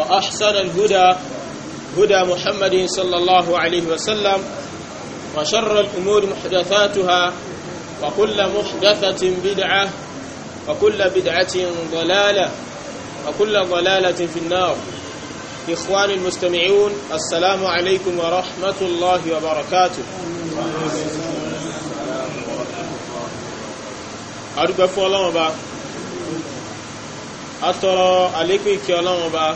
وأحسن الهدى هدى محمد صلى الله عليه وسلم وشر الأمور محدثاتها وكل محدثة بدعة وكل بدعة ضلالة وكل ضلالة في النار إخواني المستمعون السلام عليكم ورحمة الله وبركاته أرجو فلان با أترى عليكم كلام با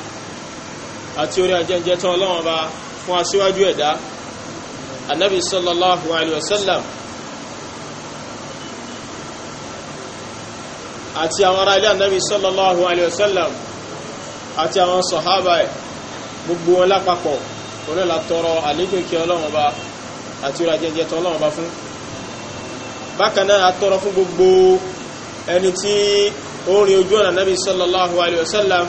àti orí ajẹ́jẹ́ tán ọlọ́run ọba fún aṣíwájú ẹ̀dá anabi sallallahu alayhi wa sallam àti àwọn ará ilé anabi sallallahu alayhi wa sallam àti àwọn sọ̀hábà ẹ̀ gbogbo wọn lápapọ̀ onílà tọrọ àlékún kí ọlọ́run ọba àti orí ajẹ́jẹ́ tán ọlọ́run ọba fún bákan náà atọrọ fún gbogbo ẹni tí ó rin ojú ọ̀nà anabi sallallahu alayhi wa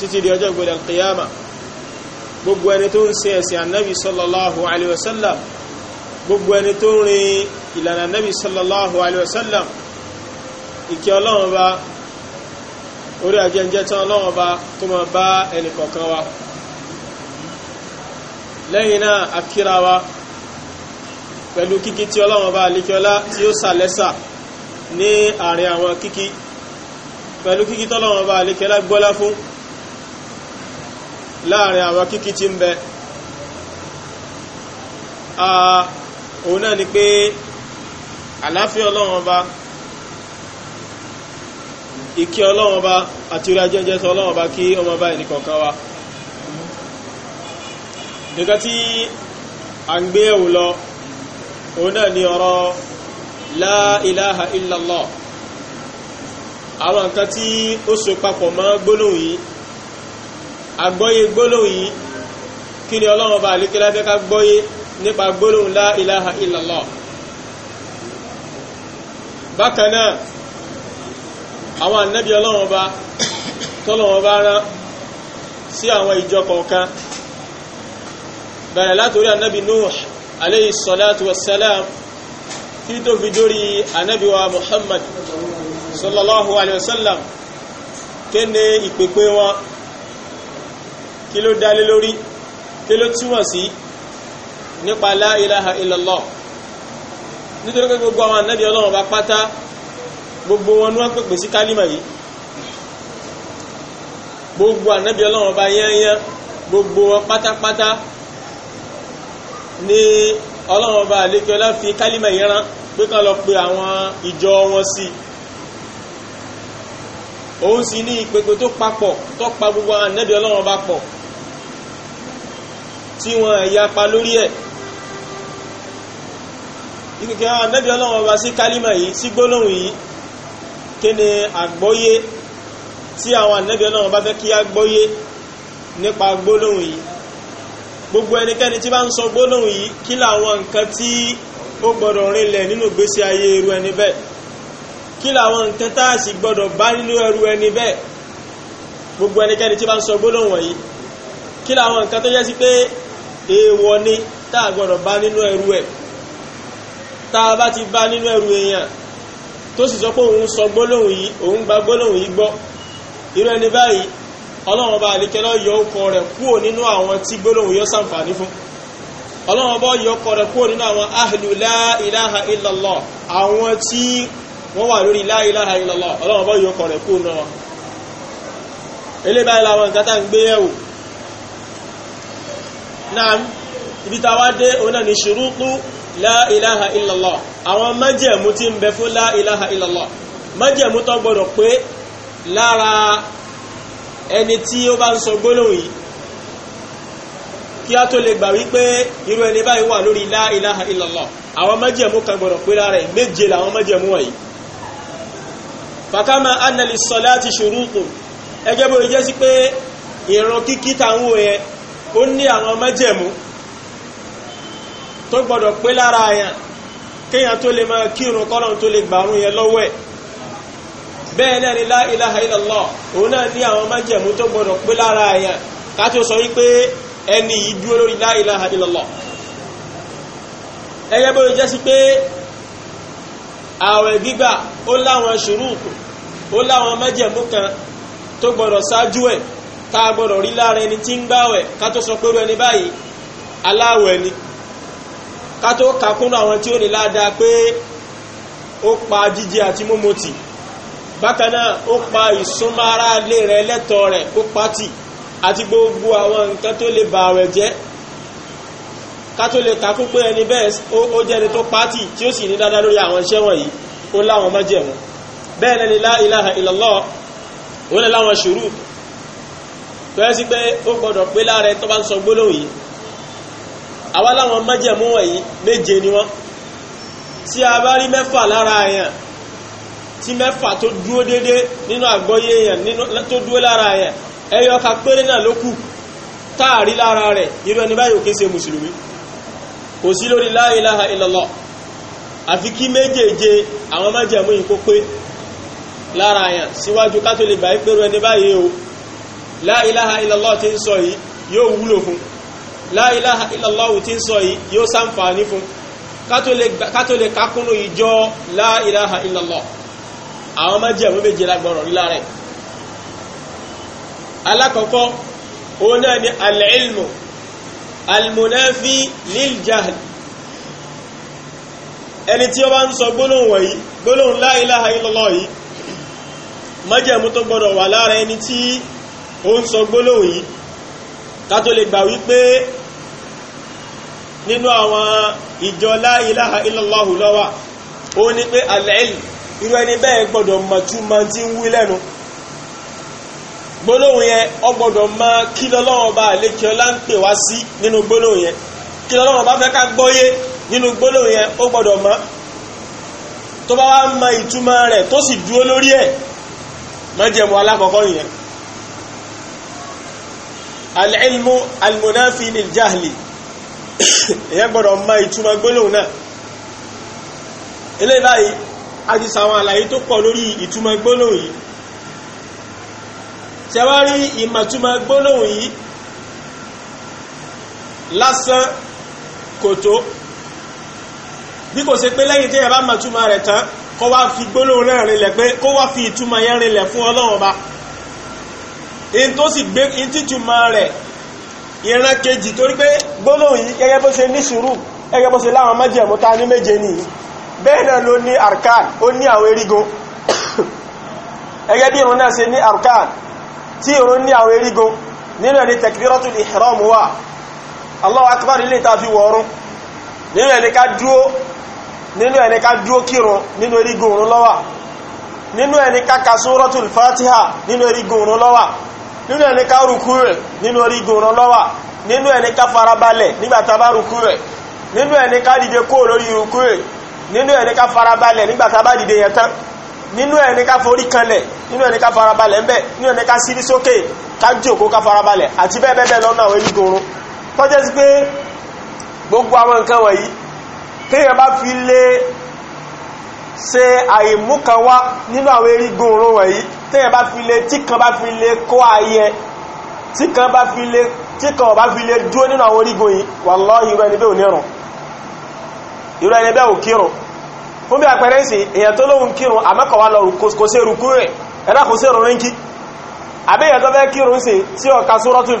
títí di ọjọ́ gbọdọ̀ kìyàmà gbogbo ẹni tó ń ṣe ẹ̀sìn annabi sallallahu alaihi wasallam gbogbo ẹni tó ń rin ìlànà annabi sallallahu alaihi wasallam ìkẹ́ ọlọ́run bá orí àjẹjẹ tán ọlọ́run bá kó máa bá ẹnì kọ̀ọ̀kan wa lẹ́yìn náà akíra wa pẹ̀lú kíkí tí ọlọ́run bá alikiola tí ó sàlẹ́sà ní àárín àwọn kíkí pẹ̀lú kíkí tọ́lọ́run bá alikiola gbọ́lá fún láàrin àwọn kíkí tí ń bẹ òun náà ni pé àláfíà ọlọ́run ọba ìkẹ́ ọlọ́run ọba àti orí ajẹ́jẹ́ sọ ọlọ́run ọba kí ọmọ ọba ẹnìkọ̀ọ̀kan wa nǹkan tí a ń gbé ẹ̀wù lọ òun náà ni ọ̀rọ̀ la ilaha àwọn nǹkan tí ó so papọ̀ mọ́ gbólóhùn yìí àgbọ́yé gbólóhùn yìí kí ni ọlọ́run bá àlékè láfẹ́ ká gbọ́yé nípa gbólóhùn la ilaha illallah bákan náà àwọn ànábì ọlọ́run bá tọ́lọ́run bá rán sí àwọn ìjọ kọ̀ọ̀kan bẹ̀rẹ̀ látòrí ànábì Nuh alayhi salatu wassalam tí tó fi dórí ànábì wa Muhammad sallallahu alayhi wasallam kéne ìpèpè wọn kí ló dálé lórí kí ló túmọ̀ sí nípa la ilaha illallah nítorí pé gbogbo àwọn ànábì ọlọ́run bá pátá gbogbo wọn ni wọ́n pèpè sí kálímà yìí gbogbo ànábì ọlọ́run bá yányán gbogbo wọn pátápátá ní ọlọ́run bá àlékiọlá fi kálímà yìí rán pé kán lọ pe àwọn ìjọ wọn sí òun sì ní ìpèpè tó papọ̀ tó pa gbogbo àwọn ànábì ọlọ́run bá pọ̀ tí wọ́n yapa lórí ẹ̀ ìkìkì àwọn ànábì ọlọ́run ọba sí kálímà yìí sí gbólóhùn yìí kí ni àgbọ́yé tí àwọn ànábì ọlọ́run ọba fẹ́ kí á gbọ́yé nípa gbólóhùn yìí gbogbo ẹnikẹ́ni tí bá ń sọ gbólóhùn yìí kí làwọn nǹkan tí ó gbọ́dọ̀ rinlẹ̀ nínú ìgbésí ayé irú ẹni bẹ́ẹ̀ kí làwọn nǹkan tá a sì gbọ́dọ̀ bá nínú ẹrú ẹni bẹ́ẹ̀ gbogbo ẹnikẹ́ni tí bá ń sọ gbólóhùn wọ̀nyí kí làwọn nǹkan tó yẹ sí pé èèwọ̀ ni tá a gbọ́dọ̀ bá nínú ẹrú ẹ̀ tá a bá ti bá nínú ẹrú èèyàn tó sì sọ pé òun sọ gbólóhùn yìí òun gba gbólóhùn yìí gbọ́ irú ẹni báyìí ọlọ́run bá àlékẹ́lọ́ yọ ọkọ rẹ̀ kúrò nínú àwọn tí gbólóhùn yọ sàǹfààní fún ọlọ́run bá yọ ọkọ rẹ̀ kúrò nínú àwọn ahlu la ilaha illallah àwọn tí wọ́n wà lórí la ilaha illallah ọlọ́run bá yọ ọkọ rẹ̀ kúrò náà eléyìí báyìí làwọn nǹkan tá à ń gbé yẹ̀wò naam ibi tá a wá dé òun náà ni ṣùrùkú láìláha illallah àwọn májẹ̀mú tí ń bẹ fún láìláha illallah májẹ̀mú tó gbọdọ̀ pé lára ẹni tí ó bá ń sọ gbólóhùn yìí kí a tó lè gbà wípé irú ẹni báyìí wà lórí láìláha illallah àwọn májẹ̀mú kan gbọdọ̀ pé lára ẹ̀ méje làwọn májẹ̀mú wọ̀nyí fàkàmà annali sọláti ṣùrùkù ẹgẹ́ bó jẹ́ sí pé ìran kíkí táwọn yẹn ó ní àwọn májẹ̀mú tó gbọ́dọ̀ pé lára àyàn kéèyàn tó lè máa kírun kọ́lọ̀ tó lè gbàrún yẹn lọ́wọ́ ẹ̀ bẹ́ẹ̀ náà ni la ilaha òun náà ní àwọn májẹ̀mú tó gbọ́dọ̀ pé lára àyàn ká sọ wípé ẹni yìí dúró lórí la ilaha illallah bó jẹ́ sí pé ààwẹ̀ gbígbà ó láwọn ṣùrùkù ó láwọn májẹ̀mú kan tó ṣáájú ẹ̀ tá a gbọ́dọ̀ rí lára ẹni tí ń gbàwẹ̀ ká tó sọ pé irú ẹni báyìí aláwẹ̀ ni ká tó kàkúnnú àwọn tí ó ní ládàá pé ó pa jíjẹ àti mímu tì bákan náà ó pa ìsúnmọ́ ara ilé rẹ̀ lẹ́tọ̀ọ́ rẹ̀ ó pa tì àti gbogbo àwọn nǹkan tó lè ba àwẹ̀ jẹ́ ká tó lè takú pé ẹni bẹ́ẹ̀ ó jẹ́ni tó pátì tí ó sì ní dáadáa lórí àwọn iṣẹ́ wọ̀nyí ó láwọn májẹ̀mú bẹ́ẹ̀ lẹ́ni la ilaha illallah ó lẹ́ láwọn ṣùrù tó yẹ sí pé ó gbọdọ̀ pé lára tó bá ń sọ gbólóhùn yìí àwa láwọn májẹ̀mú wọ̀nyí méje ni wọ́n tí a bá rí mẹ́fà lára yẹn tí mẹ́fà tó dúró dédé nínú àgbọ́yé yẹn tó dúró lára yẹn ẹyọ ka péré náà ló kù táàrí lára rẹ̀ irú ẹni báyìí òkè ṣe mùsùlùmí kò sí lórí la ilaha illallah àfi kí méjèèje àwọn májẹ̀mú yìí kó pé lára yẹn síwájú ká tó lè ẹni báyìí o la ilaha illallah tí ń sọ yìí yóò wúlò fún la ilaha illallah tí ń sọ yìí yóò ṣàǹfààní fún kátó lè kákúnnú ìjọ la ilaha illallah àwọn májẹ̀mú méje lágbọ̀rọ̀ rí lára ẹ̀ alákọ̀ọ́kọ́ òun náà ni al-ilmu al-munafi lil ẹni tí ó bá ń sọ gbólóhùn wọ̀nyí gbólóhùn la ilaha illallah yìí májẹ̀mú tó gbọ́dọ̀ wà lára ẹni tí ó ń sọ gbólóhùn yìí ká tó lè gbà wípé nínú àwọn ìjọ la ilaha illallahu lọ́wà ó ní pé al-ilm irú ẹni bẹ́ẹ̀ gbọ́dọ̀ mọ̀túmọ̀ tí ń wí lẹ́nu gbólóhùn yẹn ó gbọ́dọ̀ mọ̀ kí lọ́lọ́wọ́ bá wa ọlá ń pè wá sí nínú gbólóhùn yẹn kí lọ́lọ́wọ́ bá fẹ́ ká gbọ́yé nínú gbólóhùn yẹn ó gbọ́dọ̀ mọ̀ tó bá wá mọ̀ ìtumọ̀ rẹ̀ tó sì dúró lórí ẹ̀ al'ilmu almunafi lil jahli èyàn gbọ́dọ̀ ma ìtumọ̀ gbólóhùn náà eléyìí báyìí a ti sàwọn àlàyé tó pọ̀ lórí ìtumọ̀ gbólóhùn yìí tí a wá rí ìmọ̀túmọ̀ gbólóhùn yìí lásán kò tó bí kò ṣe pé lẹ́yìn tí ẹ bá mọ̀túmọ̀ rẹ̀ tán kó wá fi gbólóhùn náà rinlẹ̀ pé kó wá fi ìtumọ̀ yẹn rinlẹ̀ fún Ọlọ́run ba in tó sì gbé in rẹ ìran kejì torí pé gbólóhùn yìí gẹ́gẹ́ bó ṣe ní ṣùrù gẹ́gẹ́ bó ṣe láwọn ta ní méje ní náà ló ní arkan ó ní àwọn erigun gẹ́gẹ́ bí ìrun náà ṣe ní arkan tí ìrun ní àwọn erigun nínú ẹni ilé fi wọ̀ọ́rún nínú ẹni ká dúó nínú ẹni ká dúó kírun nínú nínú ẹni ká fatiha nínú erigo nínú ẹni ká rùkú rẹ̀ nínú orígun ọ̀rọ̀ lọ́wà nínú ẹni ká farabalẹ̀ nígbàtà bá rùkú rẹ̀ nínú ẹni ká dìde kó lórí rùkú rẹ̀ nínú ẹni ká farabalẹ̀ nígbàtà bá dìde yẹn tán nínú ẹni ká forí kanlẹ̀ nínú ẹni ká farabalẹ̀ ńbẹ̀ nínú ẹni ká sírí sókè ká jókòó ká farabalẹ̀ àti bẹ́ẹ̀ bẹ́ẹ̀ lọ́nà orígun ọ̀rọ̀ ṣe àìmúkanwá nínú àwọn erigun òrùn wọ̀nyí tẹ́yẹ̀ bá fi lè tí kan bá fi lè kó ayẹ tí kan bá fi lè tí kan bá fi lè dúó nínú àwọn erigun yìí wallahi irú ẹni bẹ́ẹ̀ ò nírun irú ẹni bẹ́ẹ̀ ò kírun fún bí àpẹẹrẹ sí èyàn tó lóhun kírun àmọ́kọ̀wá lọ kò sí rukú rẹ̀ ẹ̀dá kò sí ìrun kí àbẹ́yàn tó fẹ́ kírun sí tí ó ka Suratul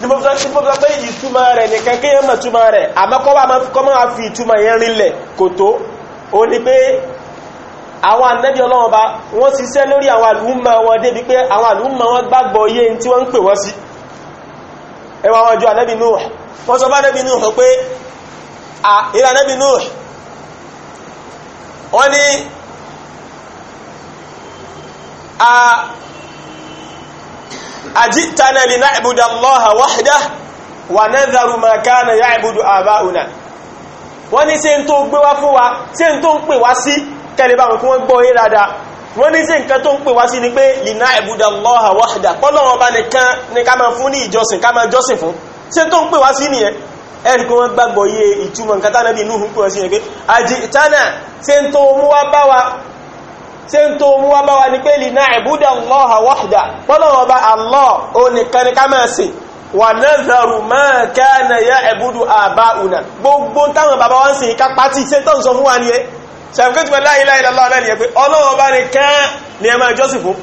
ní mo sọ sípò pé ìtumọ̀ rẹ̀ nìkan kí yẹn mọ̀ túmọ̀ rẹ̀ àmọ́ kọ́ máa fi ìtumọ̀ yẹn rinlẹ̀ kò tó o ní pé àwọn ànábì ọlọ́wọ́n bá wọ́n ṣiṣẹ́ lórí àwọn àlùmọ̀ wọn débi pé àwọn àlùmọ̀ wọn gbàgbọ́ yé tí wọ́n ń pè wọ́n sí ẹwà wọn ju ànábì Nuh wọ́n sọ bá ànábì Nuh pé ìlà ànábì Nuh wọ́n à ajitana lina'budu allaha wahdah wa nadharu ma kana ya'budu aba'una wọ́n ní ṣé n tó gbé wá fún wa ṣé n tó ń pè wá sí kẹ́lẹ̀ bá wọn kí wọ́n gbọ́ yé dáadáa wọ́n ní ṣé nǹkan tó ń pè wá sí ni pé lina'budu allaha wahdah pọ́lọ́wọ́n bá nìkan ni ká máa fún ní ìjọsìn ká máa jọ́sìn fún ṣé n tó ń pè wá sí nìyẹn ẹ̀rì kí wọ́n gbàgbọ́ yé ìtumọ̀ nǹkan tánàbí inú hùn pè wá sí yẹn pé àjìtánà ṣé n tó mú wá bá wa ṣe ń tó mú wá bá wa ní pé lina ibuda allaha wahda pọ́lọ́wọ́ bá allah ó nìkan ní ká máa sìn wà nadharu ma kana ya'budu aba'una gbogbo táwọn bàbá wọn sìn ká pátì ṣe tó ń sọ fún wa nìyẹn ṣàfikún tí wọ́n la ilaha illallah bẹ́ẹ̀ nìyẹn pé ọlọ́wọ́ bá ní kán ní ẹ máa jọ́sìn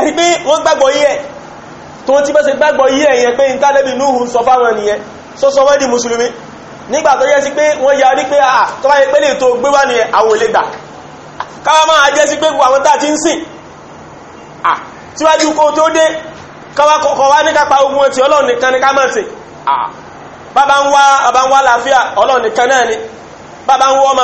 ẹni pé wọ́n gbàgbọ́ yí ẹ̀ tó wọ́n ti bẹ́ ṣe gbàgbọ́ yí ẹ̀ yẹn pé n tálẹ́bì núhù sọ fáwọn nìyẹn sọ sọ wọ́n di mùsùlùmí nígbà tó yẹ sí pé wọ́n ya rí pé à ah, tó bá yẹ pé lè tó gbé wá nìyẹn àwọn olè gbà káwá máa jẹ́ sí pé àwọn tá a ti ń sìn à ah, síwájú kó tó dé káwá kọ̀ọ̀kan wá ní kápá ogun ọtí ọlọ́run nìkan ni ká máa sìn à ah, bàbá ń wá bàbá ń wá náà ni bàbá ń wọ́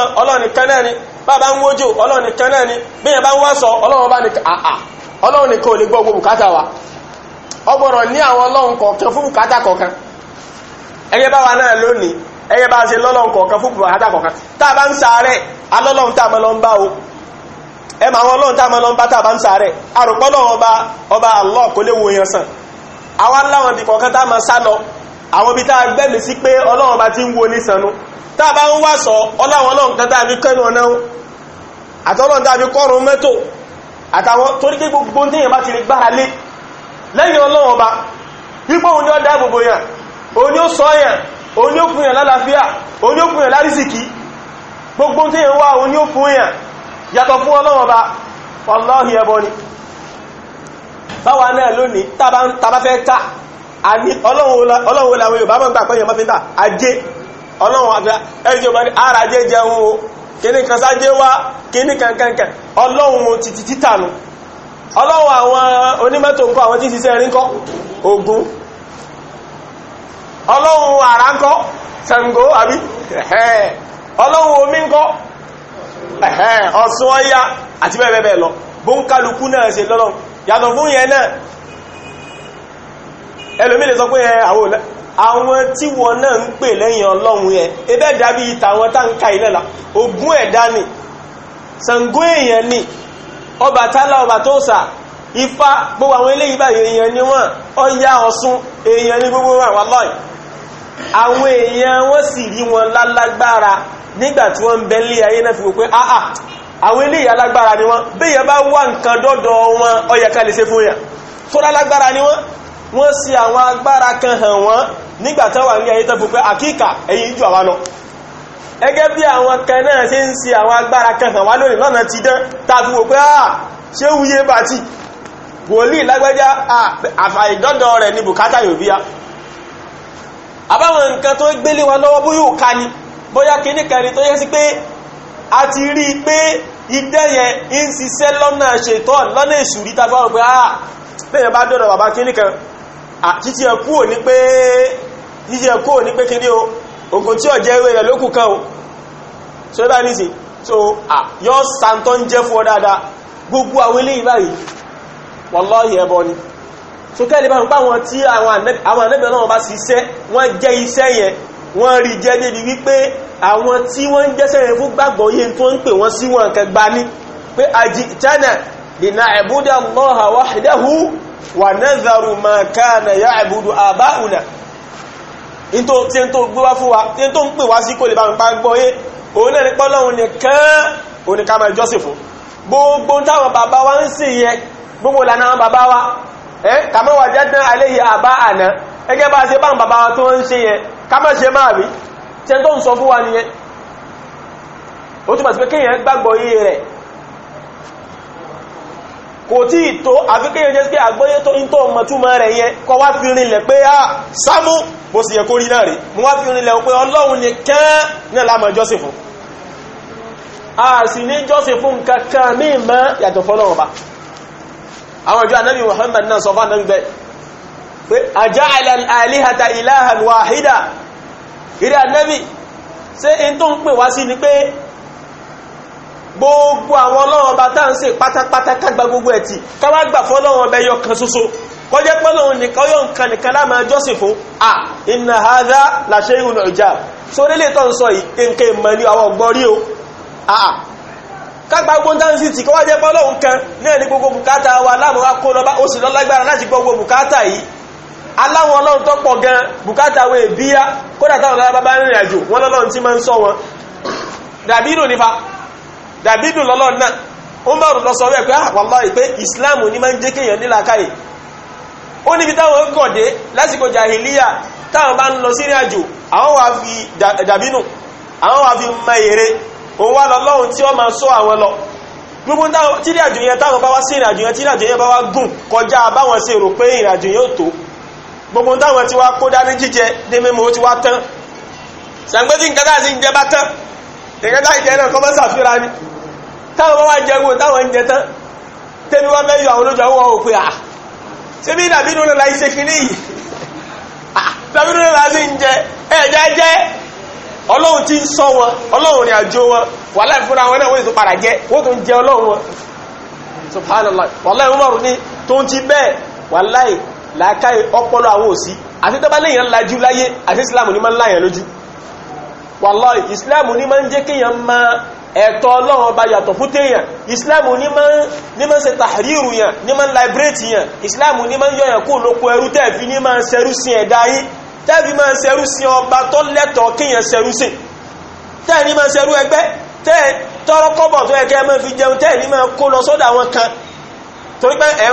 bá ń wá sọ ọlọ́run àà ọlọ́run nìkan ò lè gbọ́ gbogbo wa ọgbọ̀rọ̀ ní àwọn ọlọ́run kọ̀ọ̀kan fún bùkátà kọ̀ọ̀kan ẹgbẹ́ bá wa náà lónìí ẹgbẹ́ bá ṣe lọ́lọ́run kọ̀ọ̀kan fún bùkátà kọ̀ọ̀kan tá a bá ń sàárẹ̀ alọ́lọ́run tá a mọ́ lọ ń bá o ẹ mà a àtàwọn torí pé gbogbo tí èyàn bá ti lè gbára lé lẹ́yìn Ọlọ́run Ọba pípọ̀ òun ni ó dáàbòbò yàn òun ni ó sọ yàn òun ni fún yàn lálàáfíà òun ni fún yàn lárísìkí gbogbo tí èyàn wá òun fún yàn yàtọ̀ fún Ọba ẹbọ ni báwa náà lónìí tàbá fẹ́ ta kíní kan sáájé wá kíní kankankan ọlọ́run títí títànù ọlọ́run àwọn onímọ́tò ńkọ́ àwọn tí ṣiṣẹ́ rí ńkọ́ Ògún ọlọ́run àrá ńkọ́ Ṣàngó àbí ọlọ́run omi ńkọ́ Ọya àti lọ bó ń kálukú náà se lọ́lọ́run yàtọ̀ fún yẹn náà ẹlòmí lè sọ àwọn tí wọn náà ń pè lẹ́yìn ọlọ́run yẹn ebẹ́ dàbí ìtàwọn táǹkà ilẹ̀ la ogún ẹ̀dá ni Ṣàngó èèyàn ni Ọbàtálá ọba tó sà Ifá gbogbo àwọn eléyìí báyìí èèyàn ni wọ́n Ọya Ọ̀ṣun èèyàn ni gbogbo wọn wallahi àwọn èèyàn wọ́n sì rí wọn lálágbára nígbà tí wọ́n ń bẹ lé ayé náà fi pé áà àwọn eléyìí alágbára ni wọ́n béèyàn bá wà nǹkan dọ́dọ̀ wọn ó yẹ ká lè ṣe fún yàn tó lálágbára ni wọ́n wọ́n sì àwọn agbára kan hàn wọ́n nigbata wà ní ayé tó fún pé àkíkà ẹ̀yin jù bi ẹgẹ́ bí àwọn kan náà ṣe ń ṣe àwọn agbára wá lọ́nà ti dán tàbí pé àà ah, ṣé wúyé bá ti wòlíì lágbájá ah, àfàìdọ́dọ̀ rẹ̀ ní bùkátà yóò àbáwọn nǹkan tó gbélé wa lọ́wọ́ bó yóò ká ni bóyá kíní kẹrin tó yẹ sí pé a ti rí i pé idẹ́ yẹn ń ṣiṣẹ́ lọ́nà ṣètọ́ lọ́nà èṣùrí jíjẹ kó ní pé kí ní o ogun tí ó jẹ́ ewé rẹ̀ lókù kan o so ẹ bá ní sí so yọ́ sàntọ́ ń jẹ́ fún ọ dáadáa gbogbo àwọn ilé ìbáyìí wallahi ẹbọ ni so kẹ́lẹ̀ bá ń pa wọn tí àwọn ànábì náà bá ṣiṣẹ́ wọ́n jẹ́ iṣẹ́ yẹn wọ́n rí jẹ́ débi wípé àwọn tí wọ́n ń jẹ́sẹ̀ yẹn fún gbàgbọ́ yé tó ń pè wọ́n sí wọn kẹ ní pé ajitana lina ibuda allaha wahdahu wa nadharu ma kana ya'budu aba'una tó tí n tó gbé wá fún wa tí n tó ń pè wá sí kò lè bá mi pa gbọ́ yé òun náà ní pọ́lọ́hun nìkan òun ní fún gbogbo táwọn bàbá ń gbogbo àwọn bàbá wa wà jẹ́dán àbá àná ẹgẹ́ bá ṣe báwọn bàbá wa tó ń ṣe yẹn ṣe máa rí tí tó ń fún wa nìyẹn ó sí pé kéèyàn gbàgbọ́ iye rẹ̀ kò tí ì tó àfi kéèyàn jẹ́ pé àgbọ́yé tó ń tó ọmọ bó sì yẹ kó rí náà rí mú wá fi orílẹ̀ pé ọlọ́run ní kán náà lámọ̀ jọ́sìn fún a sì ní jọ́sìn fún kankan míì mọ́ yàtọ̀ fọ́lọ́run bá àwọn ìjọ anábì Muhammad náà sọ fún anábì pé aja'ala al-alihata ilahan wahida ìrẹ́ anábì ṣé in tó ń pè wá sí ni pé gbogbo àwọn ọlọ́run ọba tá à ń ṣe pátápátá kágbà gbogbo ẹ̀ tì káwá gbà fọ́lọ́run ọbẹ̀ yọ kan ṣoṣo kọjẹ́ pẹ́lọ́un nìkan yóò nǹkan nìkan láàmà jọ́sìn fún à inna hadha la shay'un ujab so nílé tọ́ ń sọ ìkéǹkẹ́ ìmọ̀lú àwọn ọgbọ́rí o àà kápá gbóntánsì tí pẹ́lọ́un kan ní gbogbo wa láàmùwá kó lọ bá ó sì lọ́lágbára láti gbogbo bùkátà yìí aláwọn ọlọ́run tó pọ̀ gan bùkátà wọ èbíyá kódà táwọn lára bá rìnrìn àjò wọn lọ́lọ́run tí máa ń sọ wọn dàbídù nífa dàbídù lọ́lọ́run náà ó ah, mọ̀rún ó níbi táwọn ń gọ̀dé lásìkò jahiliya táwọn bá ń lọ sí ìrìn àjò àwọn wà fi dàbínù àwọn wà fi mọ èrè òun wà lọ lọ́hun tí wọ́n máa sọ àwọn lọ gbogbo tí ìrìn àjò yẹn táwọn bá wá sí ìrìn àjò yẹn tí ìrìn àjò yẹn bá wá gùn kọjá báwọn ṣe rò pé ìrìn àjò yẹn ò tó gbogbo táwọn kó dání jíjẹ dé mímu ti wá tán sàgbẹ́tì nǹkan táà ń jẹ bá tán nǹkan táà jẹ náà kọ́mọ́sà fíra ni táwọn bá wá jẹ gbogbo táwọn ń jẹ tán tẹ́mi wá mẹ́yọ àwọn olójú àwọn òpin àà ah, ṣe bí dàbínú náà láì ṣe kìíní yìí dàbínú náà láti ń jẹ ẹ̀já jẹ́ ọlọ́run ti ń sọ wọn ọlọ́run ní àjò wọn wàláì fúnra wọn náà wọ́n èso padà jẹ wọ́n tó ń jẹ ọlọ́run wọn subhanallah wàláì wọ́n mọ̀rún ní tó ń ti bẹ́ẹ̀ wàláì làákàyè ọpọlọ àwọn òsì àti tó bá léèyàn lajú láyé àti islam ní máa ń láyàn lójú wàláì islam ní máa ń jẹ́ kéèyàn máa ẹ̀tọ́ ọlọ́run ọba yàtọ̀ fún téèyàn islam ní máa ń ṣe tàhírù yàn ní máa ń liberate yàn islam ní máa ń yọ̀yàn kó lóko ẹrú tẹ́ẹ̀fì ní máa ń ṣẹrú sí ẹ̀dá yìí tẹ́ẹ̀fì máa ń ṣẹrú sí ọba tó lẹ́tọ̀ọ́ kéèyàn ṣẹrú sí tẹ́ẹ̀ ní máa ń ṣẹrú ẹgbẹ́ tẹ́ẹ̀ tọrọ kọ́bọ̀ tó yẹ kẹ́ máa fi jẹun tẹ́ẹ̀ ní máa kó lọ sọ́dọ̀ àwọn kan torí pé ẹ̀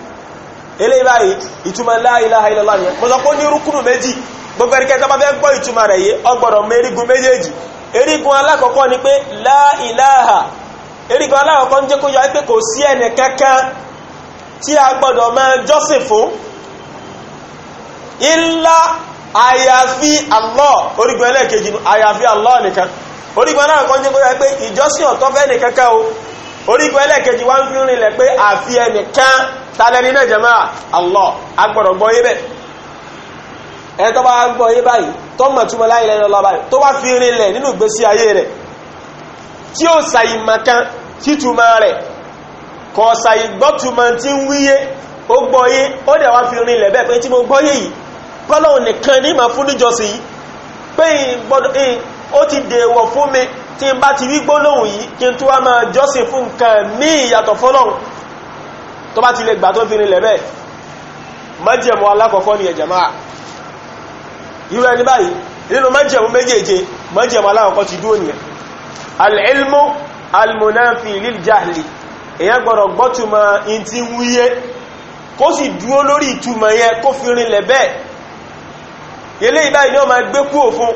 eléyìí báyìí ìtumọ̀ la ilaha illallah ni mo sọ pé ní rúkúnù méjì gbogbo ẹ̀ríkẹ́ tó bá fẹ́ gbọ́ ìtumọ̀ rẹ̀ yé erigun méjèèjì erigun alákọ̀ọ́kọ́ ni pé la ilaha erigun alákọ̀ọ́kọ́ ń jẹ́ kó yọ pé kò sí ẹnì kankan tí a gbọ́dọ̀ máa jọ́sìn fún àyàfi orígun ẹlẹ́ẹ̀kejì àyàfi nìkan orígun alákọ̀ọ́kọ́ ń jẹ́ kó yọ pé ìjọ́sìn ọ̀tọ́ fẹ́ nìkankan o orígun ẹlẹ́ẹ̀kejì wá ń fi tálẹ́ni náà jẹ́mọ́ Allah agbọ̀dọ̀ gbọ́ yé bẹ́ẹ̀ ẹni tó bá gbọ́ yé báyìí tó mọ̀ túmọ̀ la ilaha illallah báyìí tó wá fi rinlẹ̀ nínú ìgbésí ayé rẹ̀ tí ó sàyì màkan títúmọ̀ rẹ̀ kò sàyì gbọ́túmọ̀ tí ń wíyé ó gbọ́ yé ó dẹ̀ wá fi rinlẹ̀ bẹ́ẹ̀ pé tí mo gbọ́ yé yìí pọ́lọ́ nìkan ní ma fún níjọsìn yìí pé ó ti dèèwọ̀ fún mi tí n bá ti wí gbólóhùn yìí kí n tó wá máa jọ́sìn fún nǹkan míì yàtọ̀ fọ́lọ́hùn tó bá ti lè gbà tó fi rinlẹ̀ bẹ́ẹ̀ májẹ̀mú alákọ̀ọ́kọ́ ni ẹ̀jẹ̀ máa irú ẹni báyìí nínú májẹ̀mú méjèèje májẹ̀mú alákọ̀ọ́kọ́ ti dúró nìyẹn al-ilmu al-munafi lil-jahli èyàn gbọ́dọ̀ gbọ́tùmọ̀ in ti wúyé kó sì dúró lórí ìtumọ̀ yẹn kó fi rinlẹ̀ bẹ́ẹ̀ eléyìí báyìí ni ó máa gbé kúrò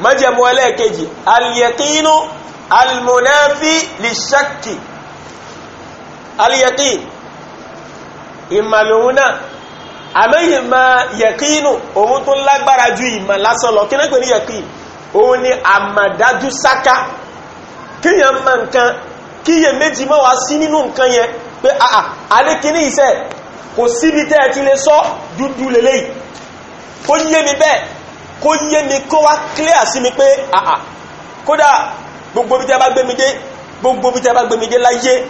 májẹ̀mú ẹlẹ́ẹ̀kejì aliyakinu almunafi lishakki aliyakin ìmàlòun náà àmẹ́yìn ma yẹ̀kínù òun tó lágbára ju ìmà lásán lọ kí náà pè ní yẹ̀kín òun ni àmàdájú sáká kíyàn mọ̀ nǹkan kíyè méjì mọ́ wá sí nínú nǹkan yẹn pé àà alékiní iṣẹ́ kò síbi tẹ́ ẹ ti lè sọ dúdú lélẹ́yìí ó yé mi bẹ́ẹ̀ kó yé mi kó wá clear sí mi pé àà kódà gbogbo bí tẹ́ bá gbé mi dé gbogbo bí tẹ́ bá gbé mi dé láyé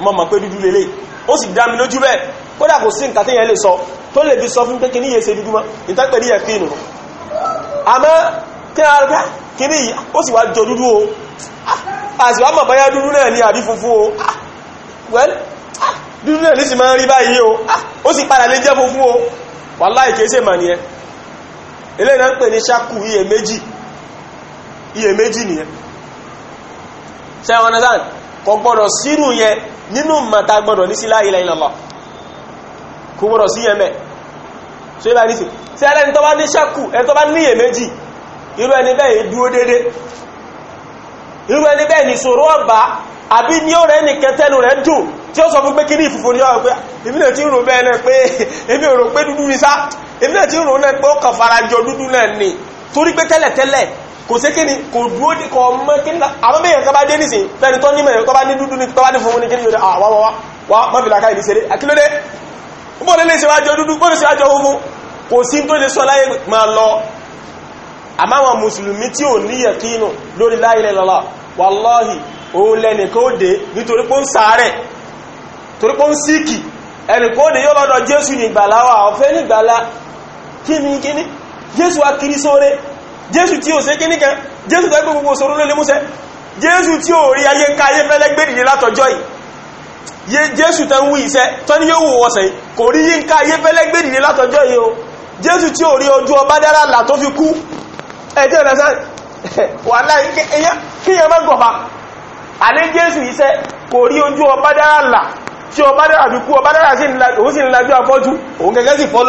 mo mọ̀ pé dúdú lélẹ̀ ó sì dá mi lójú bẹ́ẹ̀ kódà kò sí nǹkan téèyàn lè sọ tó lè fi sọ fún pé kìíní yé ṣe dúdú mọ́ ìtàpẹ̀lú yẹ fi nù àmọ́ kí a rẹ̀ kìíní yìí ó sì wá jọ dúdú o àti wá mọ̀ báyá dúdú náà ní àbí funfun o well dúdú náà ní sì máa ń rí báyìí o ó sì padà lè jẹ́ funfun o wàláì kìí ṣe mà nìyẹn eléyìí náà ń pè ní ṣákù iyèméjì iyèméjì nìyẹn ṣe wọn náà dáhùn kò gbọ́dọ̀ sínú yẹn nínú màtá gbọ́dọ̀ ní sí la ilaha illallah kò gbọ́dọ̀ sí yẹn mẹ́ ṣe bá nísì tí ẹlẹ́ni tó bá ní ṣákù ẹni tó bá ní iyèméjì irú ẹni bẹ́ẹ̀ dúró dédé irú ẹni bẹ́ẹ̀ ní ṣòro àbí ní ó rẹ̀ ní kẹtẹ́nu rẹ̀ dùn tí ó sọ fún pé kí ní ìfùfò ní ọ̀rọ̀ ìbílẹ̀ tí ń rò bẹ́ẹ̀ náà pé èmi ò pé dúdú ni sá èmi náà ti ń ròó náà pé ó dúdú náà ni torí pé tẹ́lẹ̀tẹ́lẹ̀ kò sí kí ni kò dúró ní kò mọ́ kí ni àwọn bẹ́yẹn kan bá dé nísìn bẹ́ẹ̀ni tó nímọ̀ tó bá ní dúdú ní tó bá ní funfun ní kí ni yóò dé àwọn ah, wá wá má fi làákàyè ní ṣeré àkílódé bọ́ọ̀lẹ́ lè ṣèwájọ dúdú bọ́ọ̀lẹ́ ṣèwájọ funfun kò sí tó lè sọ láyé máa lọ àmọ́ àwọn mùsùlùmí tí ò ní yẹ̀kínù lórí la ilaha illallah wàláhì òun lẹ́nìkan ó dé nítorí pé ó ń sàárẹ̀ torí pé ń síkì ẹnìkan ó dé yóò lọ́dọ̀ Jésù ní ìgbàlá wa ọ̀fẹ́ ní ìgbàlá kíni kíni jésù a kiri sóre jésù tí ó ṣe kíní kan jésù tó ẹgbẹ́ gbogbo sóró ló lè múṣẹ́ jésù tí ó rí ayé ká ayé fẹ́lẹ́ gbèrìdì látọjọ́ yìí jésù tẹ́ ń wí iṣẹ́ tó ní yóò wò wọ́sẹ̀ kò rí yí ká ayé fẹ́lẹ́ gbèrìdì látọjọ́ yìí o jésù tí ó rí ojú ọba dára là tó fi kú ẹjẹ́ rẹ̀ sáà wà láì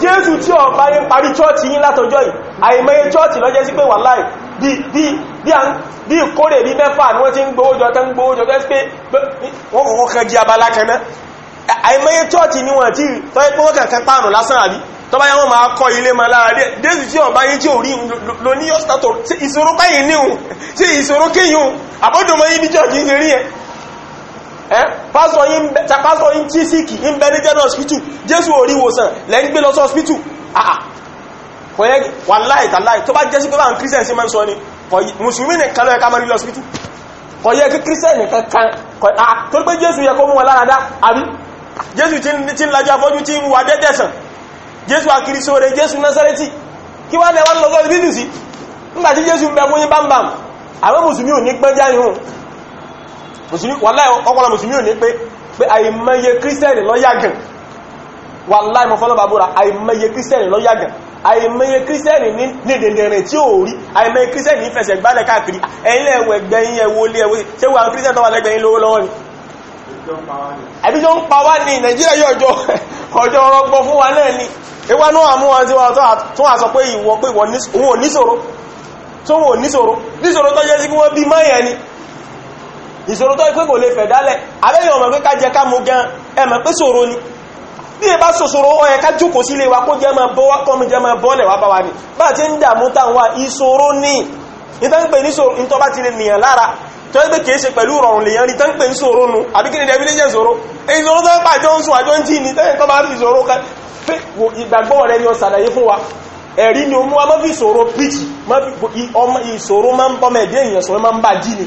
jésù tí ọ bá yẹ parí chọ́ọ̀tì yín látọjọ́ yìí àìmọye chọ́ọ̀tì lọ́jẹ́ sí pé wàláhì bí ìkórè bí mẹ́fà ni wọ́n ti ń gbówójọ tán gbówójọ tẹ́ sí pé wọ́n kan jí abala kan náà àìmọye chọ́ọ̀tì ni wọ́n ti tọ́yẹ́ pé wọ́n kẹ̀kẹ́ pààrùn lásán àbí tọ́ bá yẹ wọ́n máa kọ́ ilé máa lára díẹ̀ jésù tí ọ bá yẹ tí ò rí lo ní yọ́ sátọ̀ ìṣòro báyìí níhùn sí ìṣòro kéyìn àbọ́dọ̀mọ́ yìí bí chọ́ọ̀tì ń ṣe rí yẹn pásọ̀ yí tí síkì ń bẹ ní jẹ́nà hospital jésù orí ìwòsàn lẹ́ gbé lọ sí hospital àà kọ̀yẹ́ wà láìta láì tó bá jẹ́ sí pé bá ń sí ni ká mọ́ hospital kọ̀yẹ́ kí kírísẹ̀ nìkan kan ah, tó pé jésù yẹ kó mú wọn láradá àbí jésù tí ń lajú afọ́jú tí ń wà dẹ́dẹ̀sàn jésù akirisore jésù nasareti kí lẹ́wọ́n lọ́gọ́ nígbàtí jésù ń fún yín àwọn ò ní pẹ́ mùsùlùmí wàláì ọpọlọ mùsùlùmí ò ní pé pé àìmọye kírísítẹ́nì lọ yàgàn wàláì mọ̀ fọ́lọ́bà búra àìmọye kírísítẹ́nì lọ yàgàn àìmọye kírísítẹ́nì ní dèdèrè tí ó rí àìmọye kírísítẹ́nì ní fẹsẹ̀ gbálẹ̀ káàkiri ẹ̀yìn ẹ̀wọ̀ ẹgbẹ́ yín ẹ̀wọ̀ olé ẹ̀wọ̀ ṣé wà kírísítẹ́nì tó wà lẹ́gbẹ̀ẹ́ yín lówó lọ́wọ́ ni ẹbí tó ń pa wá ní nàìjíríà ni ìwá náà mú wọn tí wọ́n tó wà sọ pé ìwọ pé ìwọ níṣòro tó wọ́n níṣòro níṣòro sí kí wọ́n bí máyà ni ìṣòro tó pé kò lè fẹ̀ dálẹ̀ abẹ́yìn ọmọ pé ká jẹ ká mú gan ẹmọ̀ pé ṣòro ni bí ẹ bá ṣòṣòro ó yẹ ká jókòó sílé wa kó jẹ́ máa bọ́ wá kọ́mù jẹ́ máa bọ́ọ̀lẹ̀ wá bá wa ní bá ti ń dààmú táwọn ìṣòro ní ìtànpẹ̀ ní ṣòro ìtọ́ bá ti lè nìyàn lára tó yẹ pé kìí ṣe pẹ̀lú rọrùn lèyàn rí tán pé ń ṣòro nu àbí kí ni dẹ̀bí lè jẹ́ ṣòro ìṣòro tó ń pa àjọ ń sùn àjọ ń tí ní tẹ́yìn tó bá fi ṣòro kan pé ìgbàgbọ́ rẹ̀ ni ó ṣàlàyé fún wa ẹ̀rí ni ó mú wa mọ́ fi ṣòro pìtì ìṣòro máa ń bọ́mẹ̀ dé èèyàn ṣòro máa ń bà jí ni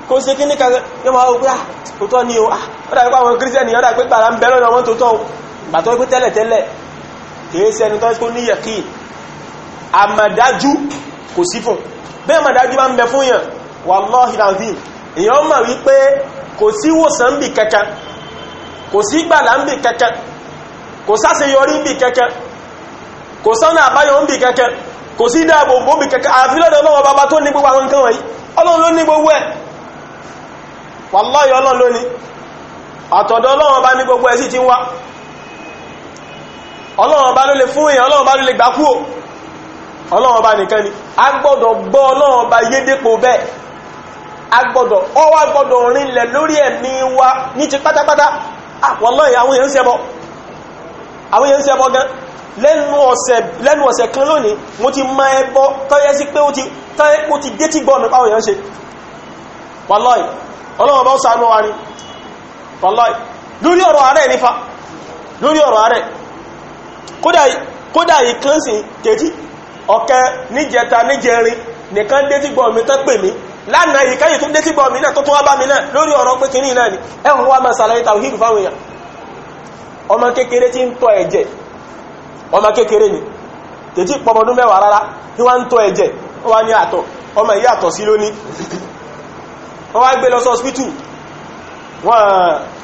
kó ṣe kí ní kan yóò máa wọ́pẹ́ àtòtọ́ ah, ni o ọ̀dà ah. pípa àwọn kírísítẹ́nì ọ̀dà pípa àlà ń bẹ̀rẹ̀ ọ̀nà wọn tòótọ́ gbàtọ́ pé tẹ́lẹ̀ tẹ́lẹ̀ kìí ṣe ẹni tó kó ní yẹ̀kí àmàdájú kò sí fún bí àmàdájú bá ń bẹ fún yàn wallahi lazim ọlọ́run ló ní gbogbo ẹ̀ wàláyọ̀ ọlọ́run lónìí àtọ̀dọ̀ ọlọ́run bá ní gbogbo ẹ̀sí ti ń wá ọlọ́run bá ló lè fún èèyàn ọlọ́run bá ló lè gbà kúò ọlọ́run bá nìkan ni a gbọ́dọ̀ gbọ́ ọlọ́run bá yédépo bẹ́ẹ̀ a gbọ́dọ̀ ọwá gbọ́dọ̀ rinlẹ̀ lórí ẹ̀mí wa ní ti pátápátá wàláyọ̀ àwọn èèyàn ọlọ́wọ́ bá sàánú wa ní wallahi lórí ọ̀rọ̀ ààrẹ nífà lórí ọ̀rọ̀ ààrẹ kódà yìí kan sí tètí ọ̀kẹ́ níjẹta níjẹrin nìkan dé tí gbọ́ mi tán pè mí lánàá yìí káyì tó dé tí mi náà tó wá bá mi náà lórí ọ̀rọ̀ pé kìíní náà ni ẹ̀hùn wá máa fáwọn èèyàn ọmọ kékeré ń tọ ẹ̀jẹ̀ ọmọ kékeré ni pọmọdún mẹ́wàá rárá tí wọ́n wá gbé lọ sọ́spítù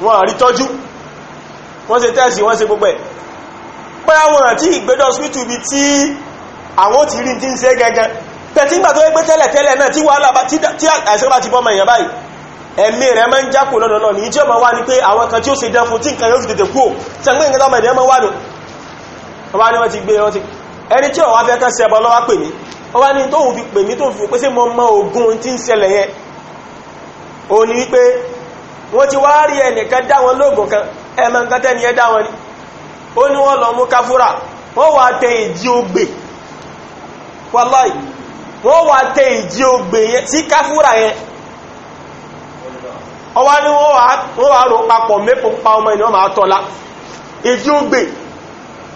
wọ́n rí tọ́jú wọ́n ṣe tẹ́ẹ̀sì wọ́n ṣe gbogbo ẹ̀ pé àwọn àti ìgbẹ́dọ̀ sọ́spítù bí tí àwọn ti rí tí ń ṣe gẹ́gẹ́ tẹ̀tígbà tó gbé tẹ́lẹ̀ tẹ́lẹ̀ náà tí wàhálà bá tí àìsàn bá ti bọ́ mẹ́yàn báyìí ẹ̀mí rẹ̀ máa ń jákò lọ́nà náà ní tí ó ma wá ní pé àwọn kan tí ó ṣe dán fún tí nǹkan yóò fi tètè kú ò tẹ́gbẹ́ nǹkan tó mẹ́rin máa wà nù wọ́n ni wọ́n ti gbé wọ́n ti ẹni tí ó wá fẹ́ kán ṣẹbọ lọ́wọ́ pè mí wọ́n ni tóun fi pè mí tóun fi pèsè mọ́ mọ́ ogun tí ń ṣẹlẹ̀ yẹn ó ní wípé wọ́n ti wá rí ẹnìkan dá wọn lóògùn kan ẹ̀mọ nǹkan tẹ́ni ẹ ni ó ní wọ́n lọ mú káfúrà wọ́n wà tẹ ìjì ogbè ye wọ́n wà tẹ ìjì ogbè yẹn sí káfúrà yẹn ọwá ní wọ́n wà rò papọ̀ mẹ́pọ̀ pa ọmọ ìnáwó máa tọ́lá ìjì ogbè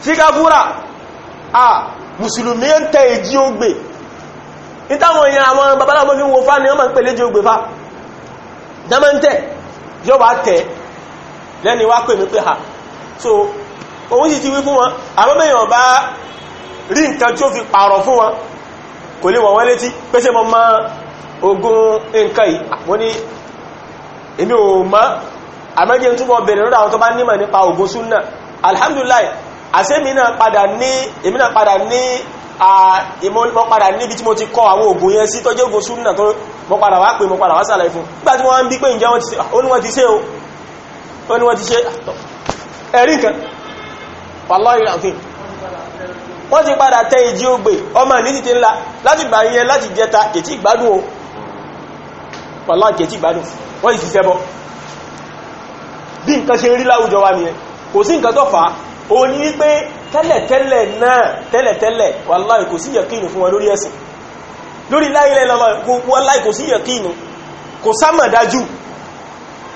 sí káfúrà a mùsùlùmí ń tẹ ogbè èèyàn àwọn fá ni wọ́n máa ń pè léjì ogbè fá náà máa ń tẹ̀ yóò wá tẹ̀ lẹ́ni wá pè mí pé ha so òun sì ti wí fún wọn àmọ́ bẹ́yàn bá rí nǹkan tí ó fi pààrọ̀ fún wọn kò lè wọ̀n wọ́n létí pé ṣe mọ́ máa ogun nǹkan yìí wọ́n ni èmi ò mọ̀ àmẹ́jẹ́ túbọ̀ bèèrè lọ́dọ̀ àwọn tó bá nímọ̀ nípa ogun súnnà alhamdulillah àṣẹ́mi náà padà ní èmi náà padà ní mo padà níbi tí mo ti kọ àwọn ògùn yẹn sí tọ́jú ògùn súnà tó mo padà wá pè mo padà wá sàlàyé fún nígbà tí wọ́n ń bí pé ǹjẹ́ wọ́n ti ṣe ó ní wọ́n ti ṣe ẹ̀rí nǹkan wọ́n ti padà tẹ ìjí ogbè ọmọ ní ti ńlá láti gbà yẹn láti jẹta kètí ìgbádùn o wallahi kètí ìgbádùn wọ́n ti ṣẹbọ bí nǹkan ṣe rí láwùjọ wa nìyẹn kò sí nǹkan tó fà á ní pé tẹ́lẹ̀tẹ́lẹ̀ náà tẹ́lẹ̀tẹ́lẹ̀ wàláì kò sí yẹ̀kínu fún wọn lórí ẹ̀sìn lórí láìlẹ̀ lọ́mọ wàláì kò sí yẹ̀kínu kò sámà dájú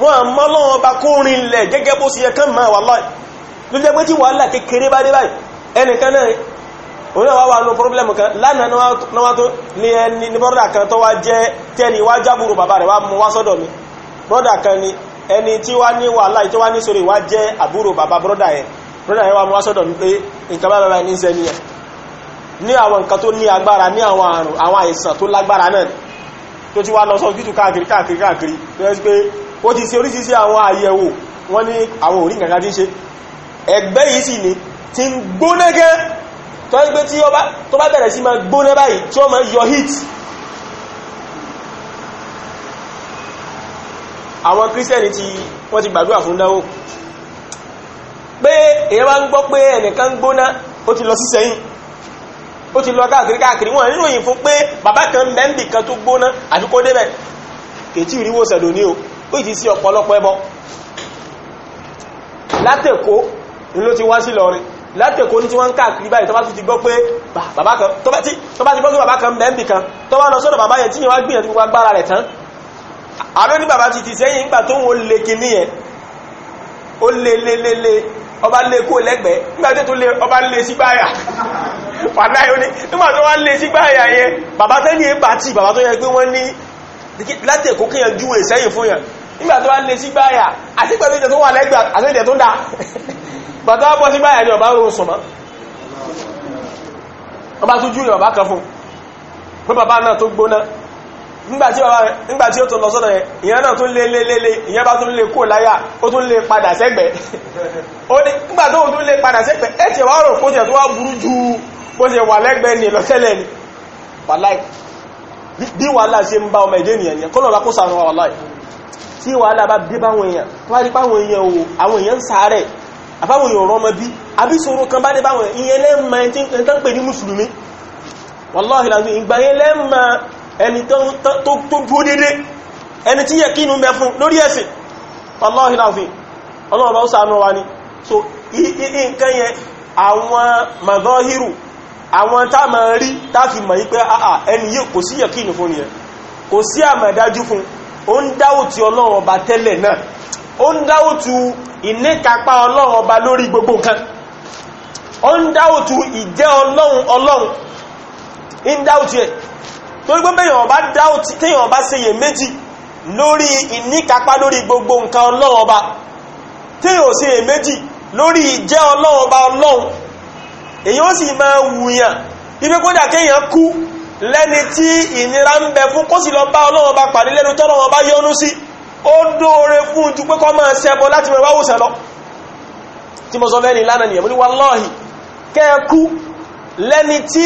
wọn àmọ́ lọ́wọ́ bá kó rinlẹ̀ gẹ́gẹ́ bó sì yẹ kán máa wàláì ló jẹ́ pé tí wàhálà kékeré bá dé báyìí ẹnìkan náà òun náà wá wà nù pọ́blẹ́mù kan lánàá náà wá tó ní ẹni ní bọ́dà kan tó wá jẹ́ tẹ́ni wá jábùrù bàbá rẹ̀ wá mú wá sọ́dọ̀ mi bọ́dà kan ni ẹni tí wá ní wàhálà tí wá ní sórí wá jẹ́ àbúrò bàbá bọ́dà yẹn brọ́dà yẹn wà mú aṣọ́dọ̀ mi pé nǹkan bá bàbá ní ń sẹ́ni ẹ̀ ní àwọn nǹkan tó ní agbára ní àwọn àrùn àwọn àìsàn tó lágbára náà tó ti wá lọ sọ jútù káàkiri káàkiri káàkiri tó yẹ pé ó ti ṣe oríṣiríṣi àwọn àyẹ̀wò wọ́n ní àwọn òrí nǹkan tí ń ṣe ẹgbẹ́ yìí sì ni ti ń gbóná gẹ́ tó yẹ pé tí ó bá bẹ̀rẹ̀ sí máa gbóná báyìí tí ó máa yọ heat àwọn kírísítẹ́nì tí wọ́n ti gbàdúrà fún dáwó pé èyàn wá ń gbọ́ pé ẹnìkan gbóná ó ti lọ sí sẹ́yìn ó ti lọ káàkiri káàkiri wọn nínú òyìn fún pé bàbá kan mẹ́ǹbì kan tó gbóná àti kó débẹ̀ kètí ìrìwò sẹ̀dọ̀ ní o ó ti sí ọ̀pọ̀lọpọ̀ ẹbọ látẹ̀kọ́ ló ti wá sí lọrin látẹ̀kọ́ ní tí wọ́n ń káàkiri báyìí tó bá ti gbọ́ pé bàbá kan tó bá ti gbọ́ ó lé lé lé lé ọba lé kó lẹ́gbẹ̀ẹ́ nígbà tó lé ọba lé sí gbáyà fàdáyé ó ní nígbà wá lé sí bàbá bàbá tó yẹ pé wọ́n ní láti fún nígbà wá lé sí àti pẹ̀lú ìjẹ tó wà lẹ́gbẹ̀ẹ́ àti ìjẹ ọba ọba tó ọba kan fún pé bàbá náà nígbàtí ó tó lọ sọ́dọ̀ ìyẹn náà tún lé lé lé lé ìyẹn bá tún lé kó láyà ó tún lé padà sẹ́gbẹ̀ ó ní nígbà tó tún lé padà sẹ́gbẹ̀ ẹ ti wá rò kó tẹ̀ tó wá burú ju bó ṣe wà lẹ́gbẹ̀ẹ́ ní lọ́tẹ́lẹ̀ ni wàláì bí wàhálà ṣe ń bá ọmọ ìdé nìyẹn yẹn kọ́lọ̀ lákó sàrùn wàláì tí wàhálà bá dé báwọn èèyàn wá rí báwọn èèyàn o àwọn èèyàn ń sàárẹ̀ àbáwọn èèyàn rọmọ bí àbí ṣòro kan bá dé báwọn èèyàn ẹni tó dúó dédé ẹni tí yẹ kínú mẹ fún lórí ẹ̀sìn Allahi láàfin ọlọ́run ó sàánú wa ni so nǹkan yẹn àwọn mazahiru àwọn tá ma rí táàfi mọ̀ yí àà ẹni yìí kò sí yẹ kínú fún ni ẹ kò sí àmàdájú fún ó ń ọba tẹ́lẹ̀ náà ó ń gbogbo nǹkan ó ń ìjẹ́ ọlọ́run torí pé bẹ́yàn bá dáwò tí kéyàn bá ṣe yè méjì lórí ìníkapá lórí gbogbo nǹkan ọlọ́run ọba téèyàn ṣe yè méjì lórí ìjẹ́ ọlọ́run ọba ọlọ́run èyàn sì máa wùyàn ibi kódà kéyàn kú lẹ́ni tí ìnira ń bẹ fún kó sì lọ bá ọlọ́run ọba pàdé lẹ́nu tọ́lọ́run ọba yọ́nú sí ó dóore fún ju pé kó máa ṣẹbọ láti máa wáwòsàn lọ tí mo sọ fẹ́ ni lánàá nìyẹn mo ní wàláhì kẹ́ẹ̀kú lẹ́ni tí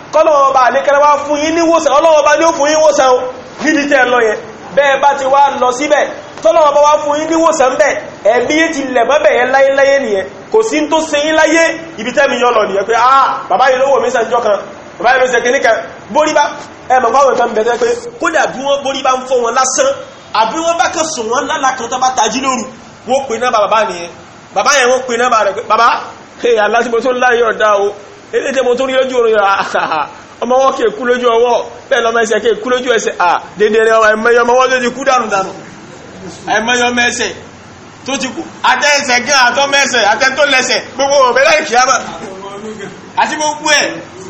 kọ́lọ́wọ́ bá àlékẹ́lẹ́ wá fún yín ní wòsàn ọlọ́wọ́ bá ní ó fún yín wòsàn o nídìí tẹ́ lọ yẹn bẹ́ẹ̀ bá ti wá lọ síbẹ̀ tọ́lọ́wọ́ wá fún yín ní wòsàn bẹ́ẹ̀ yé ti lẹ̀ mọ́bẹ̀ yẹn láyéláyé nìyẹn kò sí tó ṣe yín láyé ibi tẹ́mi yọ lọ nìyẹn pé ah bàbá yìí lówó mi sàjọ kan bàbá yìí ló ṣe kìíní kan borí bá ẹ mọ̀ fáwọn kan bẹ̀rẹ̀ pé kódà bí wọ́n borí bá ń fọ́ wọn lásán àbí wọ́n bá kan sùn wọn lálà kan tó bá tají lóru wọ́n pè náà bàbá nìyẹn bàbá yẹn wọ́n pè náà bàbá rẹ̀ pé bàbá eléyìí tẹ́ mo tó rí lójú oorun yà ah, á ah, ah. ọmọ wọn kì í kú lójú ọwọ́ bẹ́ẹ̀ lọ́mọ ẹsẹ̀ kì í kú lójú ẹsẹ̀ à dédèrè ọmọ ẹ̀mẹ́yọ ọmọ wọn ló ti kú dànù dànù ẹ̀mẹ́yọ ọmọ ẹsẹ̀ tó ti kú àtẹ̀sẹ̀ gan àtọ́mẹsẹ̀ àtẹ̀tọ́ lẹ́sẹ̀ gbogbo ọ̀bẹ̀rẹ̀ kìámà àti gbogbo ẹ̀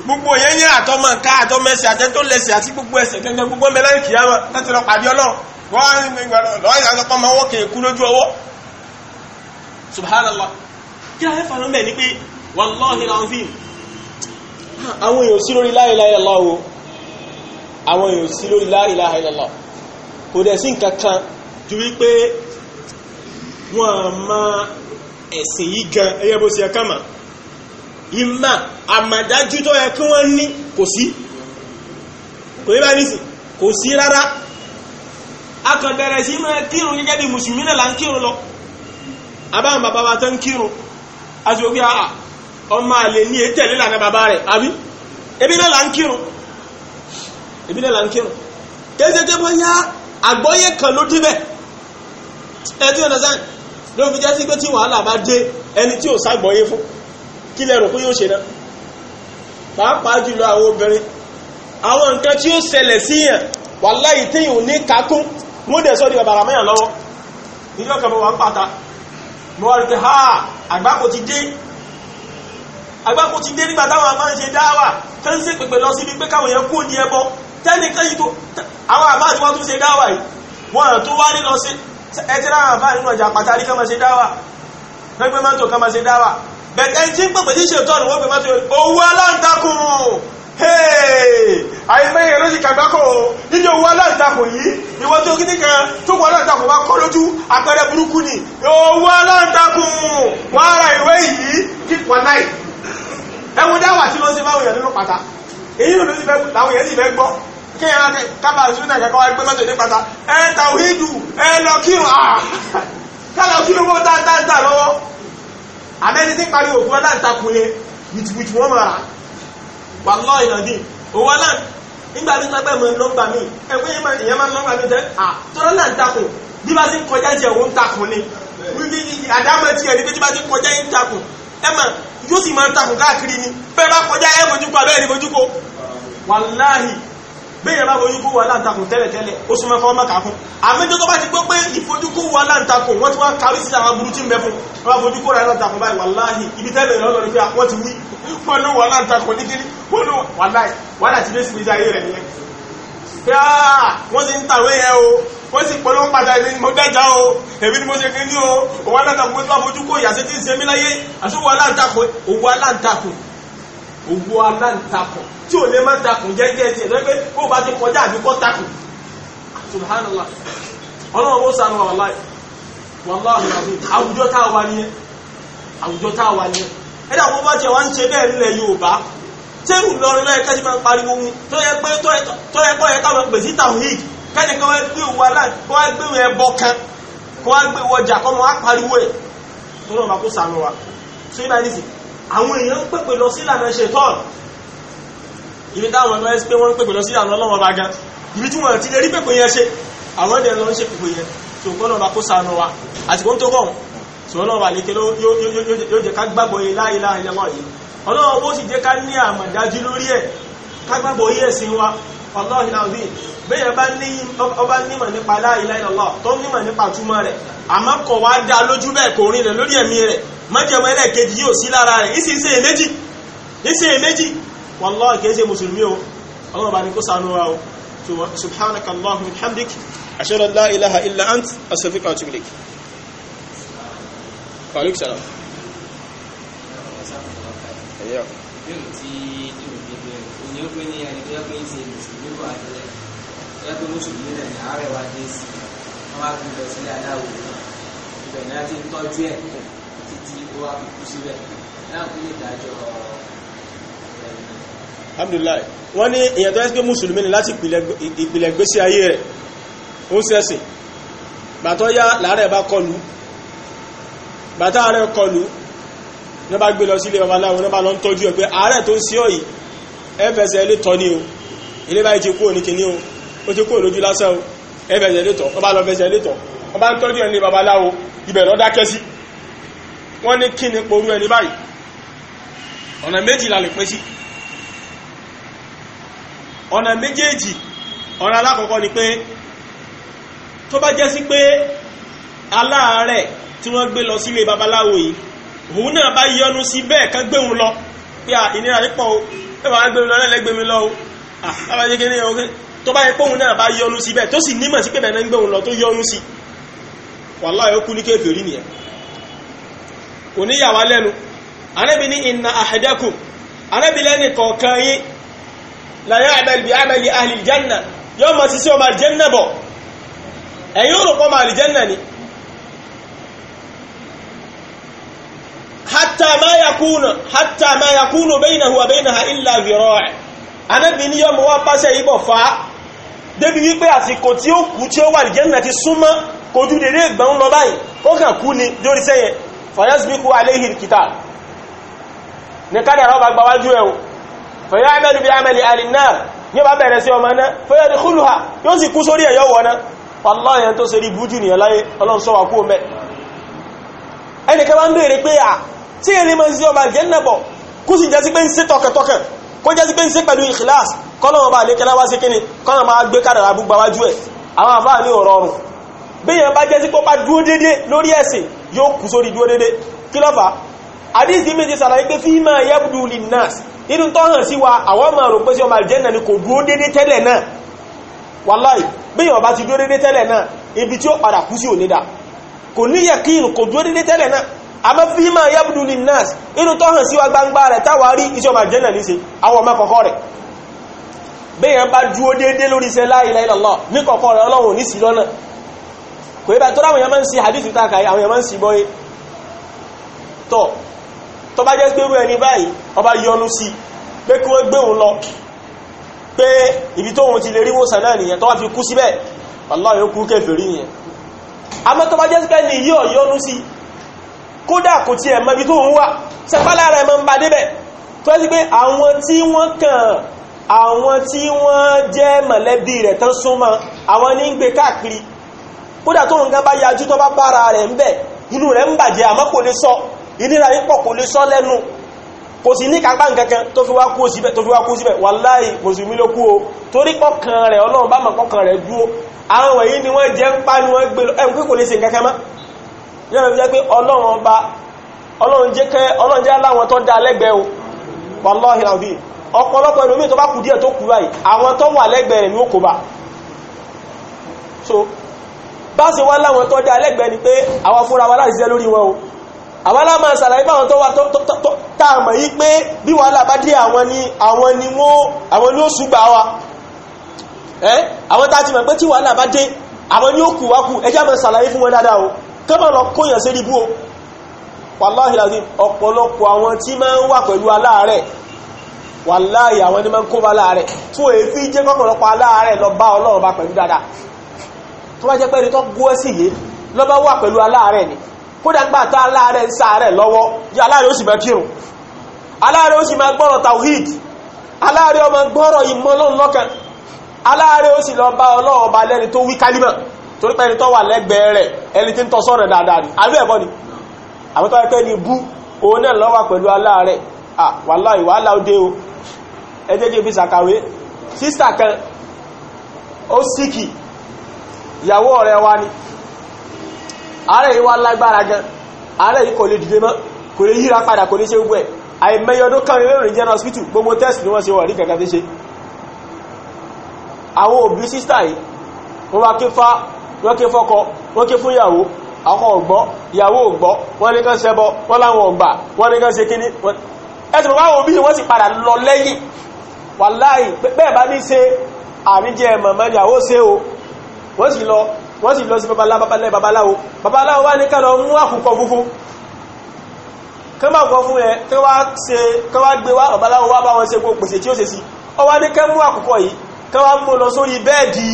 gbogbo yẹn yẹn àtọ́mọ ká àtọ́mẹsẹ̀ àtẹ̀tọ́ lẹ́sẹ̀ àti gbogbo ẹsẹ̀ gangan gbogbo ọ̀bẹ̀rẹ̀ kìámà láti lọ pàdé ọlọ́run wọ́n á ní gbàdọ̀ lọ́ọ́ àwọn èèyàn sí lórí la ilaha illallah o àwọn èèyàn sí lórí la ilaha illallah kò dẹ̀ sí nǹkan kan ju wípé wọ́n ma ẹ̀sìn yìí gan ẹyẹ bó ṣe ẹ̀ká mà ìmà àmàdájú tó yẹ kí wọ́n ní kò sí kò ní ní sí kò sí rárá a kàn bẹ̀rẹ̀ sí máa kírun gẹ́gẹ́ bí mùsùlùmí náà là ń kírun lọ abáwọn bàbá wa tó ń kírun a ti wọ́n ọmọ àlè ní ètẹ̀lé lànà bàbá rẹ̀ àbí ebi náà là ń kírun ebi náà là ń kírun tẹ́tẹ́tẹ́ bọ́ yá àgbọ́yé kan ló débẹ̀ ẹ tí ọ̀nà sáà ló fi jásí pé tí wàhálà bá dé ẹni tí ò ságbọ́yé fún kí lẹ rò yóò ṣe náà pàápàá jùlọ àwọn obìnrin àwọn nǹkan tí ó ṣẹlẹ̀ sí yàn wàláyé téèyàn ní kakún wọ́n dẹ̀ sọ́ di bàbàrà mẹ́yàn lọ́wọ́ níjọ́ kan mo wà ń pàtà mo wà rí pé ha àgbákò ti dé àgbákò ti dé nígbà táwọn àmá ń ṣe dáwà tó ń ṣe pèpè lọ síbi pé káwọn èèyàn kú ní ẹbọ tẹ́nìkan yìí tó àwọn àmá tí wọ́n tún ṣe dáwà yìí wọ́n tó wá ní lọ sí ẹtìrá àmá nínú ọjà pàtàkì kan máa ṣe dáwà lọ́gbẹ́ mọ́tò kan máa ṣe dáwà bẹ̀tẹ̀ tí ń pèpè tí ṣe tọ́nu wọ́n pè mọ́tò owó aláǹtakùn àìmẹ́yẹ ló sì kàgbákọ̀ o nínú owó aláǹtakùn yìí ìwọ tó kí nìkan tó wọ aláǹtakùn bá kọ́ lójú àpẹẹrẹ burúkú ni owó aláǹtakùn wàá ra ìwé yìí kí wọ́n náà ẹwọ dáwà tí ló ń ṣe báwọn èèyàn nínú pàtà èyí ló ti fẹ́ làwọn èèyàn sì fẹ́ gbọ́ kí ẹ rántí kábà sí náà kẹ́kọ̀ọ́ ẹgbẹ́ mọ́tò ní pàtà ẹ tàwídù ẹ lọ kírun àà ah! kálọ̀ kírun kó dáadáa lọ́wọ́ àmẹ́ni tí parí òkú ọlá ìtakùnlé wìtìwìtì wọ́n mọ̀ra wà lọ́ ìnàdí òwú ọlá nígbà tí pẹ́pẹ́ mọ̀ nọ́mbà mi ẹgbẹ́ ìyẹn máa nọ́mbà mi tẹ́ à tọ́lọ́ náà ń ah! takùn bí bá ti ń kọjá jẹ́ òun takùn ni àdámọ̀ tiẹ̀ ní bí ti bá ti ń kọjá yín takùn ẹ̀mà yóò sì máa takùn káàkiri ni bẹ́ẹ̀ bá kọjá ẹ̀ bójúkọ abẹ́ ẹ̀rí bójúkọ wàláhì bẹ́ẹ̀ bá bójúkọ wà láǹtakùn tẹ́lẹ̀tẹ́lẹ̀ ó súnmọ́ fún ọmọ kàkún àmẹ́jọ́ tó bá ti gbọ́ pé ìfojúkọ wà láǹtakùn wọ́n ti wá kárí sí àwọn burú tí ń bẹ fún wọ́n fojúkọ rẹ̀ láǹtakùn báyìí wàláhì ibi tẹ́lẹ̀ wọ́n sì polówó padà èmi ni mo dájà o èmi ni mo ṣe kí ni o òwò aláǹtakùn pé tó àfojú kò yàtí tí ń ṣe mí láyé àṣùwò aláǹtakùn òwò aláǹtakùn òwò aláǹtakùn tí ò lè má takùn jẹ́jẹ́ tiẹ̀ lọ́pẹ́ kó o bá ti kọjá àbíkọ́ takùn subhanallah ọlọ́run ó sànù wàláì wàláì àwùjọ tá a wà ní àwùjọ tá a wà ní ẹ̀dá àwọn bá jẹ wá ń ṣe bẹ́ẹ̀ nílẹ̀ yorùbá tẹ́rù lọrin lọ́yẹ kẹ́sì máa ń pariwo mu tó yẹ pé tó yẹ pé ọ̀yẹ káwọn gbèsè tàwọn yìí kẹ́ni kan wá gbé òwò aláǹ kó wá gbé ẹbọ kan kó wá gbé ìwọjà kọ́ mọ́ apariwo ẹ̀ tó lọ́nà kó sànù wa tó yíba nísì àwọn èèyàn ń pèpè lọ sí ìlànà ṣètọ́n ibi táwọn ọmọ ẹsẹ pé wọ́n ń pèpè lọ sí ìlànà ọlọ́wọ́ bá gan ibi tí wọ́n ti lè rí pèpè yẹn ṣe àwọn ẹ̀dẹ̀ lọ ń ṣe pèpè yẹn tó kọ́ lọ́nà kó sànù wa àsìkò tó kọ̀ sọ̀rọ̀ náà wà lékè yóò jẹ́ ká gbàgbọ́ yìí láì láì lọ́wọ́ yìí ọlọ́wọ́ bó sì jẹ́ ká ní àmọ̀dájú lórí ẹ̀ ká gbàgbọ́ yìí ẹ̀sìn wa Allah ìlànàbí bẹ́yẹ̀ bá ní ọba nímọ̀ nípa la ilaha illallah tó nímọ̀ nípa túmọ̀ rẹ̀ àmọ́ kọ̀ wá dá lójú bẹ́ẹ̀ kò rin rẹ̀ lórí ẹ̀mí rẹ̀ májẹ̀mọ́ ẹlẹ́ẹ̀kejì yóò sí lára rẹ̀ ìsì ṣe èméjì ìsì èméjì wallahi kìí ṣe mùsùlùmí o ọlọ́ọ̀bá ni kó sànú wa o subhanaka allahumma wa bihamdik ashhadu an la ilaha illa ant astaghfiruka wa tó àjẹrẹ ẹ pé mùsùlùmí náà ní àárẹ̀ wa dé sí wọn wá fi lọ sílé aláwo ibẹ̀ ní a ti ń tọ́jú ẹ̀ títí ó wá fi kú síbẹ̀ náà kú lè dájọ́ alhamdulilayi wọ́n ní èyàn tó mùsùlùmí ni láti ìpìlẹ̀ gbésí ayé rẹ̀ ó ń sẹ́sìn bàtọ́ yá láàrẹ̀ bá kọlù bàtà àárẹ̀ kọlù ní bá gbé lọ sílé babaláwo ní bá lọ ń tọ́jú ẹ̀ pé àárẹ̀ tó ń sí ọ̀yí ẹ fẹsẹ̀ ilé tọ́ ni o ilé báyìí ti kú òní kìíní o ó ti kú òlójú lásán o ẹ fẹsẹ̀ létọ̀ ọba lọ fẹsẹ̀ létọ̀ ọba ń tọ́jú ẹni babaláwo ibẹ̀ lọ dákẹ́ sí wọ́n ní kí ni porú ẹni báyìí ọ̀nà méjì la lè pín sí ọ̀nà méjèèjì ọ̀nà alákọ̀ọ́kọ́ ni pé tó bá jẹ́ sí pé aláàárẹ̀ tí wọ́n gbé lọ sílé babaláwo yìí òun náà bá yọnu sí bẹ́ẹ̀ kan gbé òun lọ pé ìnira yìí pọ̀ o ẹ bá gbé mi àbájẹ́ ah, kí ní ọ̀rẹ́ tó bá yẹ póhun náà bá yọnu sí bẹ́ẹ̀ tó sì nímọ̀ sí pé bẹ̀rẹ̀ ń gbé òun lọ tó yọnu sí wàláhì ó kú ní kéfèrí kò ní yà lẹ́nu anábì ní inna ahadakum anábì lẹ́ni kọ̀ọ̀kan yín la hatta ma yakunu hatta ma yakunu baynahu wa baynaha illa zira'a anábì ní yọmọ wá pàṣẹ ìbọ̀ fa débi wípé àsìkò tí ó kú tí ó wà ní jẹ́nà ti súnmọ́ kojú dédé ìgbọ̀n lọ báyìí ó kàn kú ni lórí sẹ́yìn fayasbiku alayhi alkitab ní kádàrá ọba gbáwájú ẹ̀ o fẹ̀yà amẹ́lu bí amẹ́lì alìnnáà yóò bá bẹ̀rẹ̀ sí ọmọ náà fẹ́yà ní kúlùhà yóò sì kú sórí ẹ̀yọ́ wọ̀ kú sí jẹ́ sí pé ń sí tọkàntọkàn kó jẹ́ sí pé ń ṣe pẹ̀lú ikhlas kọ́lọ́wọ́ bá lékẹ́lá wá sí kíni kọ́lọ́ máa gbé kádàrà gbogbo wájú ẹ̀ àwọn àfáà ní ọ̀rọ̀ ọ̀rùn bí yẹn bá jẹ́ sí pọ́pá dúó dédé lórí ẹ̀sìn yóò kù sórí dúó dédé kí ló fà àdísì méjì sàlàyé pé fí yẹ́bùdù linnas wa àwọn ọmọ rò pé ni kò dúó dédé tẹ́lẹ̀ náà wàláì bí yẹn bá ti dúó dédé tẹ́lẹ̀ náà ibi tí ó padà kú àmọ́ fi máa yẹ́bùdú lè náà inú tó hàn síwá gbangba rẹ̀ táwà rí iṣẹ́ ọmọ jẹ́nà ní ṣe àwọn ọmọ kọ̀kọ́ rẹ̀ bẹ́yàn bá dúó déédé lórí iṣẹ́ la ilaha illallah ní kọ̀kọ́ rẹ̀ ọlọ́run ní sí lọ́nà kò ibà tó ráwọn yẹn máa ń sí hadith ìtaka àwọn yẹn máa ń sí bọ́yé tọ́ tó bá jẹ́ pé irú ẹni báyìí ọba yọnu sí pé kí wọ́n gbé òun lọ pé ibi tóun ti lè rí wòsàn náà nìyẹn tó wá kódà kò tiẹ̀ mọ́bi tó ń wà sẹ́pálá rẹ̀ mọ́ ń ba débẹ̀ tó ti pé àwọn tí wọ́n kàn àwọn tí wọ́n jẹ́ mọ̀lẹ́bí rẹ̀ tán súnmọ́ àwọn ní ń gbé káàkiri kódà tó nǹkan bá yajú tó bá bára rẹ̀ ń bẹ̀ inú rẹ̀ ń bàjẹ́ àmọ́ kò lè sọ ìnira yìí pọ̀ kò lè sọ lẹ́nu kò sì ní kápá nkankan tó fi wá kú síbẹ̀ tó fi wá kú síbẹ̀ wàláì mùsùlùmí ló kú o torí pọ̀kan rẹ̀ ọlọ́run bá mọ̀ pọ̀kan rẹ̀ dúró àwọn wọ̀nyí ni wọ́n jẹ́ ń pa ni wọ́n gbé lọ ẹ̀ ń pé kò lè ṣe nkankan mọ́ yẹ́nà fi jẹ́ pé ọlọ́run ọba ọlọ́run jẹ́ kẹ́ ọlọ́run jẹ́ láwọn tó dá lẹ́gbẹ̀ẹ́ o wàláhì làbí ọ̀pọ̀lọpọ̀ ẹlòmíì tó bá kù díẹ̀ tó kù báyìí àwọn tó wà lẹ́gbẹ̀ẹ́ ní òkò bá so bá ṣe wá láwọn tó dá lẹ́gbẹ̀ẹ́ ni pé àwọn fúnra wa láti ṣiṣẹ́ lórí wọn o àwọn aláma ṣàlàyé báwọn tó wà tá a mọ̀ yí pé bí wàhálà bá dé àwọn ni àwọn ni wọ́n àwọn ni ó ṣùgbà wa ẹ́ àwọn tá a ti mọ̀ pé tí wàhálà bá dé àwọn ni ó kù wá kù ẹjẹ́ àmọ́ ṣàlàyé fún wọn dáadáa o kẹ́mà lọ kóyàn sí ibú o wàláhì láti ọ̀pọ̀lọpọ̀ àwọn tí máa ń wà pẹ̀lú aláàrẹ̀ wàláhì àwọn ni máa ń kó bá láàrẹ̀ tó èéfí jẹ́ kọ́pọ̀lọpọ̀ aláàrẹ̀ lọ bá ọlọ́run bá pẹ̀lú dáadáa tó bá jẹ́ pẹ́ni tó gú ẹ́ sì yé lọ bá wà pẹ̀lú aláàrẹ̀ ni kódà gbà tá aláàrẹ̀ ń sáàrẹ̀ lọ́wọ́ yá aláàrẹ̀ ó sì máa kírun aláàrẹ̀ ó sì máa gbọ́rọ̀ tawhid aláàrẹ̀ ó máa gbọ́rọ̀ ìmọ̀ ọlọ́run lọ́kàn aláàrẹ̀ ó sì torí pé ẹni tó wà lẹ́gbẹ̀ẹ́ rẹ̀ ẹni tí ń tọ́sọ́ rẹ̀ dáadáa ni àbí ẹ̀kọ́ ni àmọ́ tó wá pé ní bú òun náà lọ́wọ́ pẹ̀lú aláàárẹ̀ à wàláì wàhálà òde o ẹjẹ́ jẹ́ bí sàkàwé sísà kan ó síkì ìyàwó ọ̀rẹ́ wa ni àárẹ̀ yìí wá lágbára gan àárẹ̀ yìí kò lè dìde mọ́ kò lè yíra padà kò lè ṣe gbogbo ẹ̀ àìmẹ́yẹ ọdún kan ilé ìrìn general hospital gbogbo test ni wọ́n ṣe wọ̀rí kankan tó ṣe àwọn òbí sísà yìí wọ́n wá kí fa wọ́n ké fọ́kọ wọ́n ké fún ìyàwó àwọn ọ̀gbọ́ ìyàwó ọ̀gbọ́ wọ́n ní kán ṣẹbọ wọ́n láwọn ọ̀gbà wọ́n ní kán ṣe kíní ẹ̀sùn bá wọn bí wọ́n sì padà lọ lẹ́yìn wàláì bẹ́ẹ̀ bá ní ṣe àníjẹ mọ̀mọ́ ìyàwó ṣe o wọ́n sì lọ wọ́n sì lọ sí babaláwo babaláwo wá ní kán lọ mú àkùkọ funfun kán bá kọ fún ẹ kán wá gbé wá babaláwo wá bá wọn ṣe kó pèsè tí ó ṣe sí ọ wá ní kán mú àkùkọ yìí kán wá mú lọ sórí bẹ́ẹ̀dì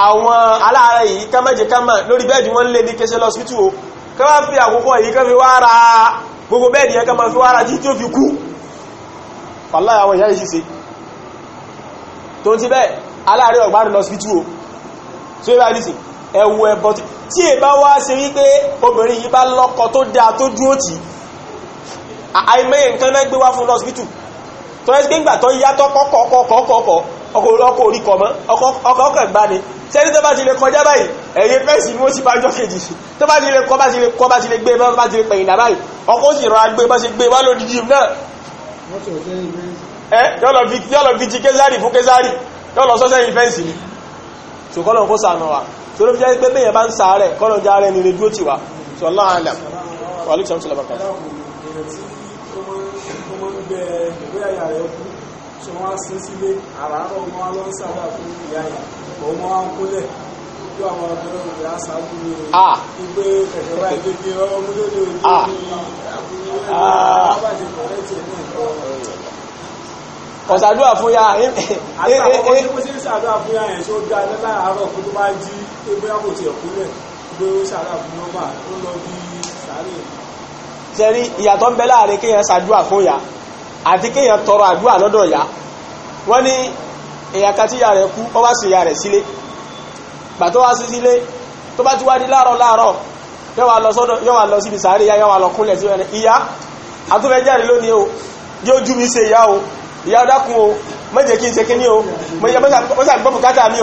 àwọn aláàrẹ yìí ká mẹ́jẹ ká mẹ́ lórí bẹ́ẹ̀dì wọ́n lè ní kéṣe lọ síútù o ká wá fi àkókò yìí ká fi wá ra gbogbo bẹ́ẹ̀dì yẹn ká mọ́ fi wá ra tí tí ó fi kú wàláhì àwọn ìyá ìṣìṣe tó ti bẹ́ẹ̀ aláàrẹ ọ̀gbárí o tó yẹ báyìí nìsín ẹ̀wù ẹ̀bọ tí ẹ bá wá ṣe wípé obìnrin yìí bá lọ́kọ tó dáa tó dúró tì àìmọye nǹkan náà gbé wá fún lọ síútù ọkọ̀ orí kọ̀ mọ́ ọkọ̀ ọkọ̀ gbá ni tẹ́lí tó bá ti lè kọjá báyìí ẹ̀yẹ fẹ́ẹ̀sì ni ó sì bá jọ kejì tó bá ti lè kọ́ bá ti lè kọ́ bá ti lè gbé bá ti lè pẹ̀yìn náà báyìí ọkọ̀ ó sì rọra gbé bá ṣe gbé wá lódìdí náà ẹ yọ́lọ̀ fi ti kézárì fún kézárì yọ́lọ̀ sọ́sẹ́ yìí fẹ́ẹ̀sì ni ṣùkọ́lọ̀ kó sànà wa tó ló fi jẹ́ pé bẹ́yẹn bá ń sàárẹ̀ kọ́lọ̀ tí wọ́n á sin sílé àràárọ̀ wọn lọ ń sábà fún ìyá yìí òun wọn á kólẹ̀ yóò àwọn ọ̀dọ́rọ̀ òun á sáájú ní ìgbé kẹ̀kẹ́ wáyé débi ọmọ lóde òde ọ̀sàdúrà fún yá ẹ̀ ẹ̀ ẹ̀ ẹ̀ ó sì ń sàdúrà fún yá ẹ̀ tó dá lẹ́láàárọ̀ kó tó bá jí ewé àpòtì ẹ̀kúnlẹ̀ gbé ó sàdúrà fún nọ́mbà tó lọ bí sàárè. sẹ́rí ìyàtọ̀ ń bẹ láàrin kéèyàn sàdúrà fún yá àti kéèyàn tọrọ àdúrà lọ́dọ̀ ìyá wọ́n ní èyàn kan tí ìyá rẹ̀ kú ó wá sí ìyá rẹ̀ sílé gbà tó wá sí sílé tó bá ti wá di láàárọ̀ láàárọ̀ yóò wá lọ síbi sàárè ìyá yóò wá lọ kúnlẹ̀ sí ẹni ìyá àtúfẹ́ jáde lónìí o yóò jú mi ṣe ìyá o ìyá dákun o mẹ́jẹ̀ kí n ṣe kíní o mọ́sàgbọ́ bùkátà mi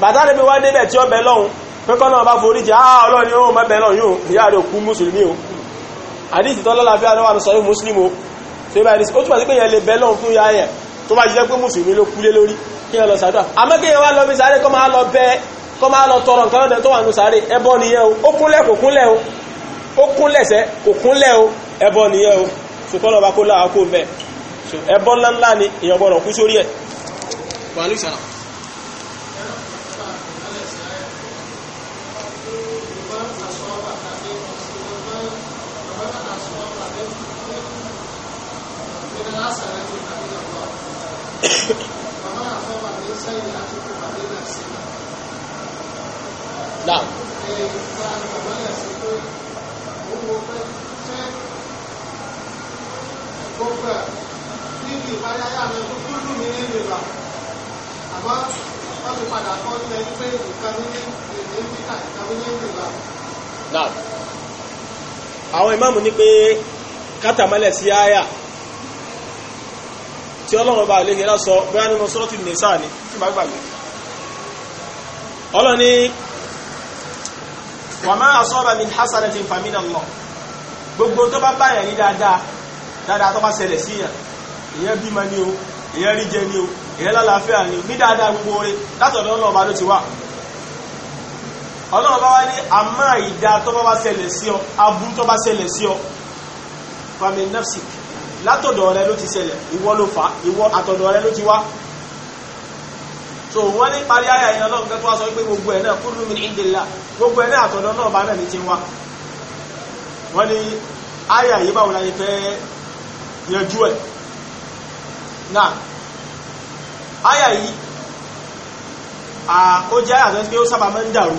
bàtà níbi wá débẹ̀ tí ó bẹ lọ́hun pẹ́kọ́ náà bá forí jẹ́ àà ah, ọlọ́ni ó mọ́ bẹ lọ́hun yóò ìyá rẹ̀ kú mùsùlùmí o àdìsí tọ́lọ́ láfi àdọ́wà ní sọ́yún mùsùlùmí o ṣe bá ìdísí ó túnbà sí pé yẹn lè bẹ lọ́hun fún yáyẹ tó bá jẹ́ pé mùsùlùmí ló kúlé lórí kí yẹn lọ sàdúrà àmọ́ kí yẹn wá lọ bí sáré kọ́ máa lọ bẹ kọ́ máa lọ tọrọ nǹkan lọ́dẹ tó wà nù sáré ẹbọ ìmáàmù ní pé kátàmọ́lẹ̀ sí àyà tí ọlọ́run bá lè sọ bóyá nínú sọ́ọ̀tì nìsáà ni tí màá gbàgbé ọlọ́run ní wà máa gbogbo tó bá báyàn ní dáadáa dáadáa tó bá ṣẹlẹ̀ sí yàn ìyẹn bímọ ni o ìyẹn rí jẹ ni o ìyẹn lálàáfíà ní gbogbo látọ̀dọ̀ ọlọ́run bá ti wà ọlọ́run bá wá ní àmá ìdá tó bá wá ṣẹlẹ̀ sí ọ aburú tó bá ṣẹlẹ̀ sí ọ pàmì nafsik látọ̀dọ̀ rẹ ló ti ṣẹlẹ̀ ìwọ ló fà ìwọ àtọ̀dọ̀ rẹ ló ti wá so wọ́n ní parí ayà yẹn ọlọ́run kẹ́kọ́ sọ pé gbogbo ẹ̀ náà kullu min indillah gbogbo ẹ̀ náà àtọ̀dọ̀ náà bá náà ní ti wá wọ́n ní ayà yìí báwo la yẹ fẹ́ yanjú ẹ̀ náà ayà yìí ó jẹ́ àtọ́jú pé ó sábà máa ń dàrú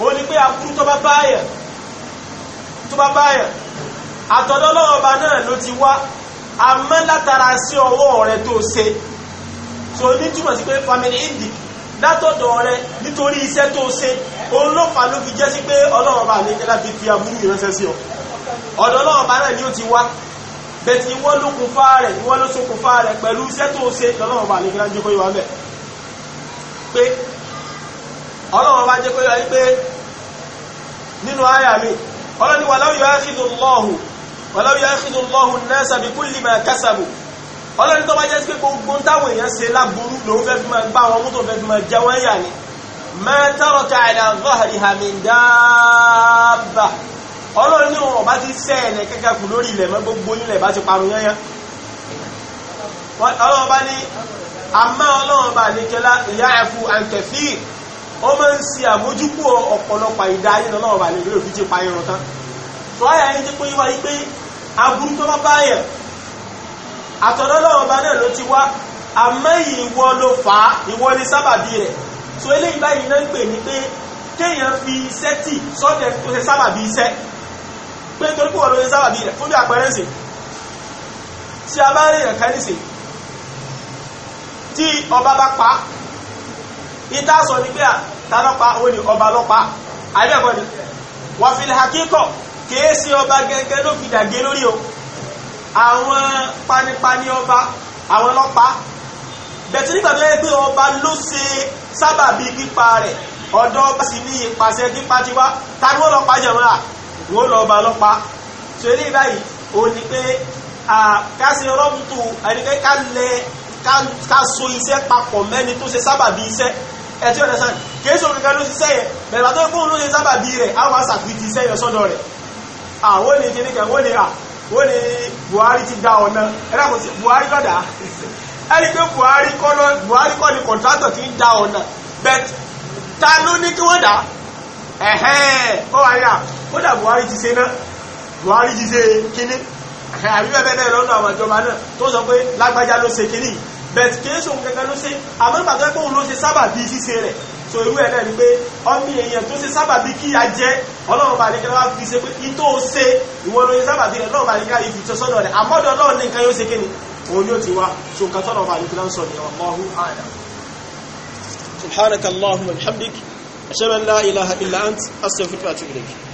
òun ni pé aburú tó bá báyàn tó bá báyàn àtọ̀dọ̀ Ọlọ́run ọba náà ló ti wá àmọ́ látara sí ọwọ́ rẹ tó ṣe so ní túmọ̀ sí pé family indi látọ̀dọ̀ rẹ nítorí iṣẹ́ tó ṣe òun ló fà ló fi jẹ́ sí pé Ọlọ́run ọba àlejò láti fi aburú ìránṣẹ́ sí ọ ọ̀dọ̀ náà ni ó ti wá bẹ́ẹ̀ tí wọ́n ló kun fá rẹ̀ wọ́n ló so fá rẹ̀ pẹ̀lú iṣẹ́ tó ṣe lọ́lọ́run ọba àlejò láti jókòó yìí wá mẹ́ pé ọlọ́run bá jẹ́ pé yọ wípé nínú àyà mi ọlọ́ni walau yu'akhidhullahu walau yu'akhidhullahu an-nasa bikulli ma kasabu ọlọ́ni tó bá jẹ́ pé gbogbo táwọn èèyàn ṣe láburú lòun fẹ́ fi máa gbá àwọn mọ́tò fẹ́ fi máa jẹ wọ́n yà ni ma taraka ala dhahriha min dabba ọlọ́ni wọn ọba ti sẹ́ ẹ̀nẹ̀ kẹ́kẹ́ kù lórí ilẹ̀ mọ́ gbogbo wọ́n máa ń ṣe àmójúkú ọ̀pọ̀lọpọ̀ ìdá ayé lọ́wọ́ bá lè lórí òfin ti pa irun tán tó ayà yìí ti pé wá yí pé aburú tó bá bá yẹn àtọ̀dọ́ lọ́wọ́ bá náà ló ti wá àmọ́ ìwọ ló fà á ìwọ ni sábàbí rẹ̀ tó eléyìí báyìí náà ń pè ní pé kéèyàn fi iṣẹ́ tì sọ́dẹ̀ tó ṣe sábàbí iṣẹ́ pé torí pé wọ́n ló ṣe sábàbí rẹ̀ fún bí àpẹẹrẹ ń sìn tí a bá rí ẹ̀ka nísìn tí ọba bá pa á ìta sọ ní pé tánọ́pa ó ní ọba lọ́pa àbẹ́ẹ̀kọ́ ni wàfíìlì hakíkọ̀ kìí sí ọba gẹ́gẹ́ ló fi dàgé lórí o àwọn panipani ọba àwọn lọ́pa bẹ̀tí nígbà tó yẹ pé ọba ló ṣe sábàbí pípa rẹ̀ ọ̀dọ́ ọba sì ní ìpàṣẹ pípa ti wá ta ni wọ́n lọ́pa jẹ̀mọ́ra wọ́n lọ ọba lọ́pa ṣe ní báyìí ó ní pé kásì rọ́bùtù ẹni pé ká lẹ ká so iṣẹ́ papọ̀ mẹ́ni tó ṣe sábàbí iṣẹ́ ẹ̀tí ọ̀dẹ̀ sàn kìí ṣe òkèkè ló ti sẹ́yẹ bẹ̀rẹ̀ tó kún ló ti sábà bí rẹ̀ àwọn asàpìtì sẹ́yẹ sọ́dọ̀ rẹ̀ àwọn ní kíní kan wọ́n ní à wọ́n ní Buhari ti da ọ̀nà ẹ̀rọ kò sí Buhari lọ́dà ẹni pé Buhari kọ́ lọ Buhari kọ́ ni kọ̀ǹtrátọ̀ kì í da ọ̀nà bẹ́t ta ló ní kí wọ́n dà ẹ̀hẹ́n ó wà ní à kódà Buhari ti ṣe náà Buhari ti ṣe kíní àbí bẹ́ẹ̀ bẹ́ẹ̀ lọ́nà àwọn ìjọba náà tó sọ pé lágbájá ló ṣe kíní yìí bẹ̀t kìí ṣe òun kankan ló ṣe àmọ́ ìgbà tó ẹ pé òun ló ṣe sábà bí ṣíṣe rẹ̀ so irú ẹ̀ náà ni pé ọmọ èèyàn tó ṣe sábà bí kí a jẹ́ ọlọ́run bá nìkan wá fi ṣe pé ìtò ṣe ìwọ ló ṣe sábà bí ọlọ́run bá nìkan yìí fi tọ́ sọ́dọ̀ rẹ̀ àmọ́dọ̀ ọlọ́run ní nǹkan yóò ṣe kíni òun ni ó ti wá so nǹkan tọ́lọ̀ bá nìkan sọ ní Allahu a'lam subhanaka Allahumma wa bihamdik ashhadu la ilaha illa ant astaghfiruka wa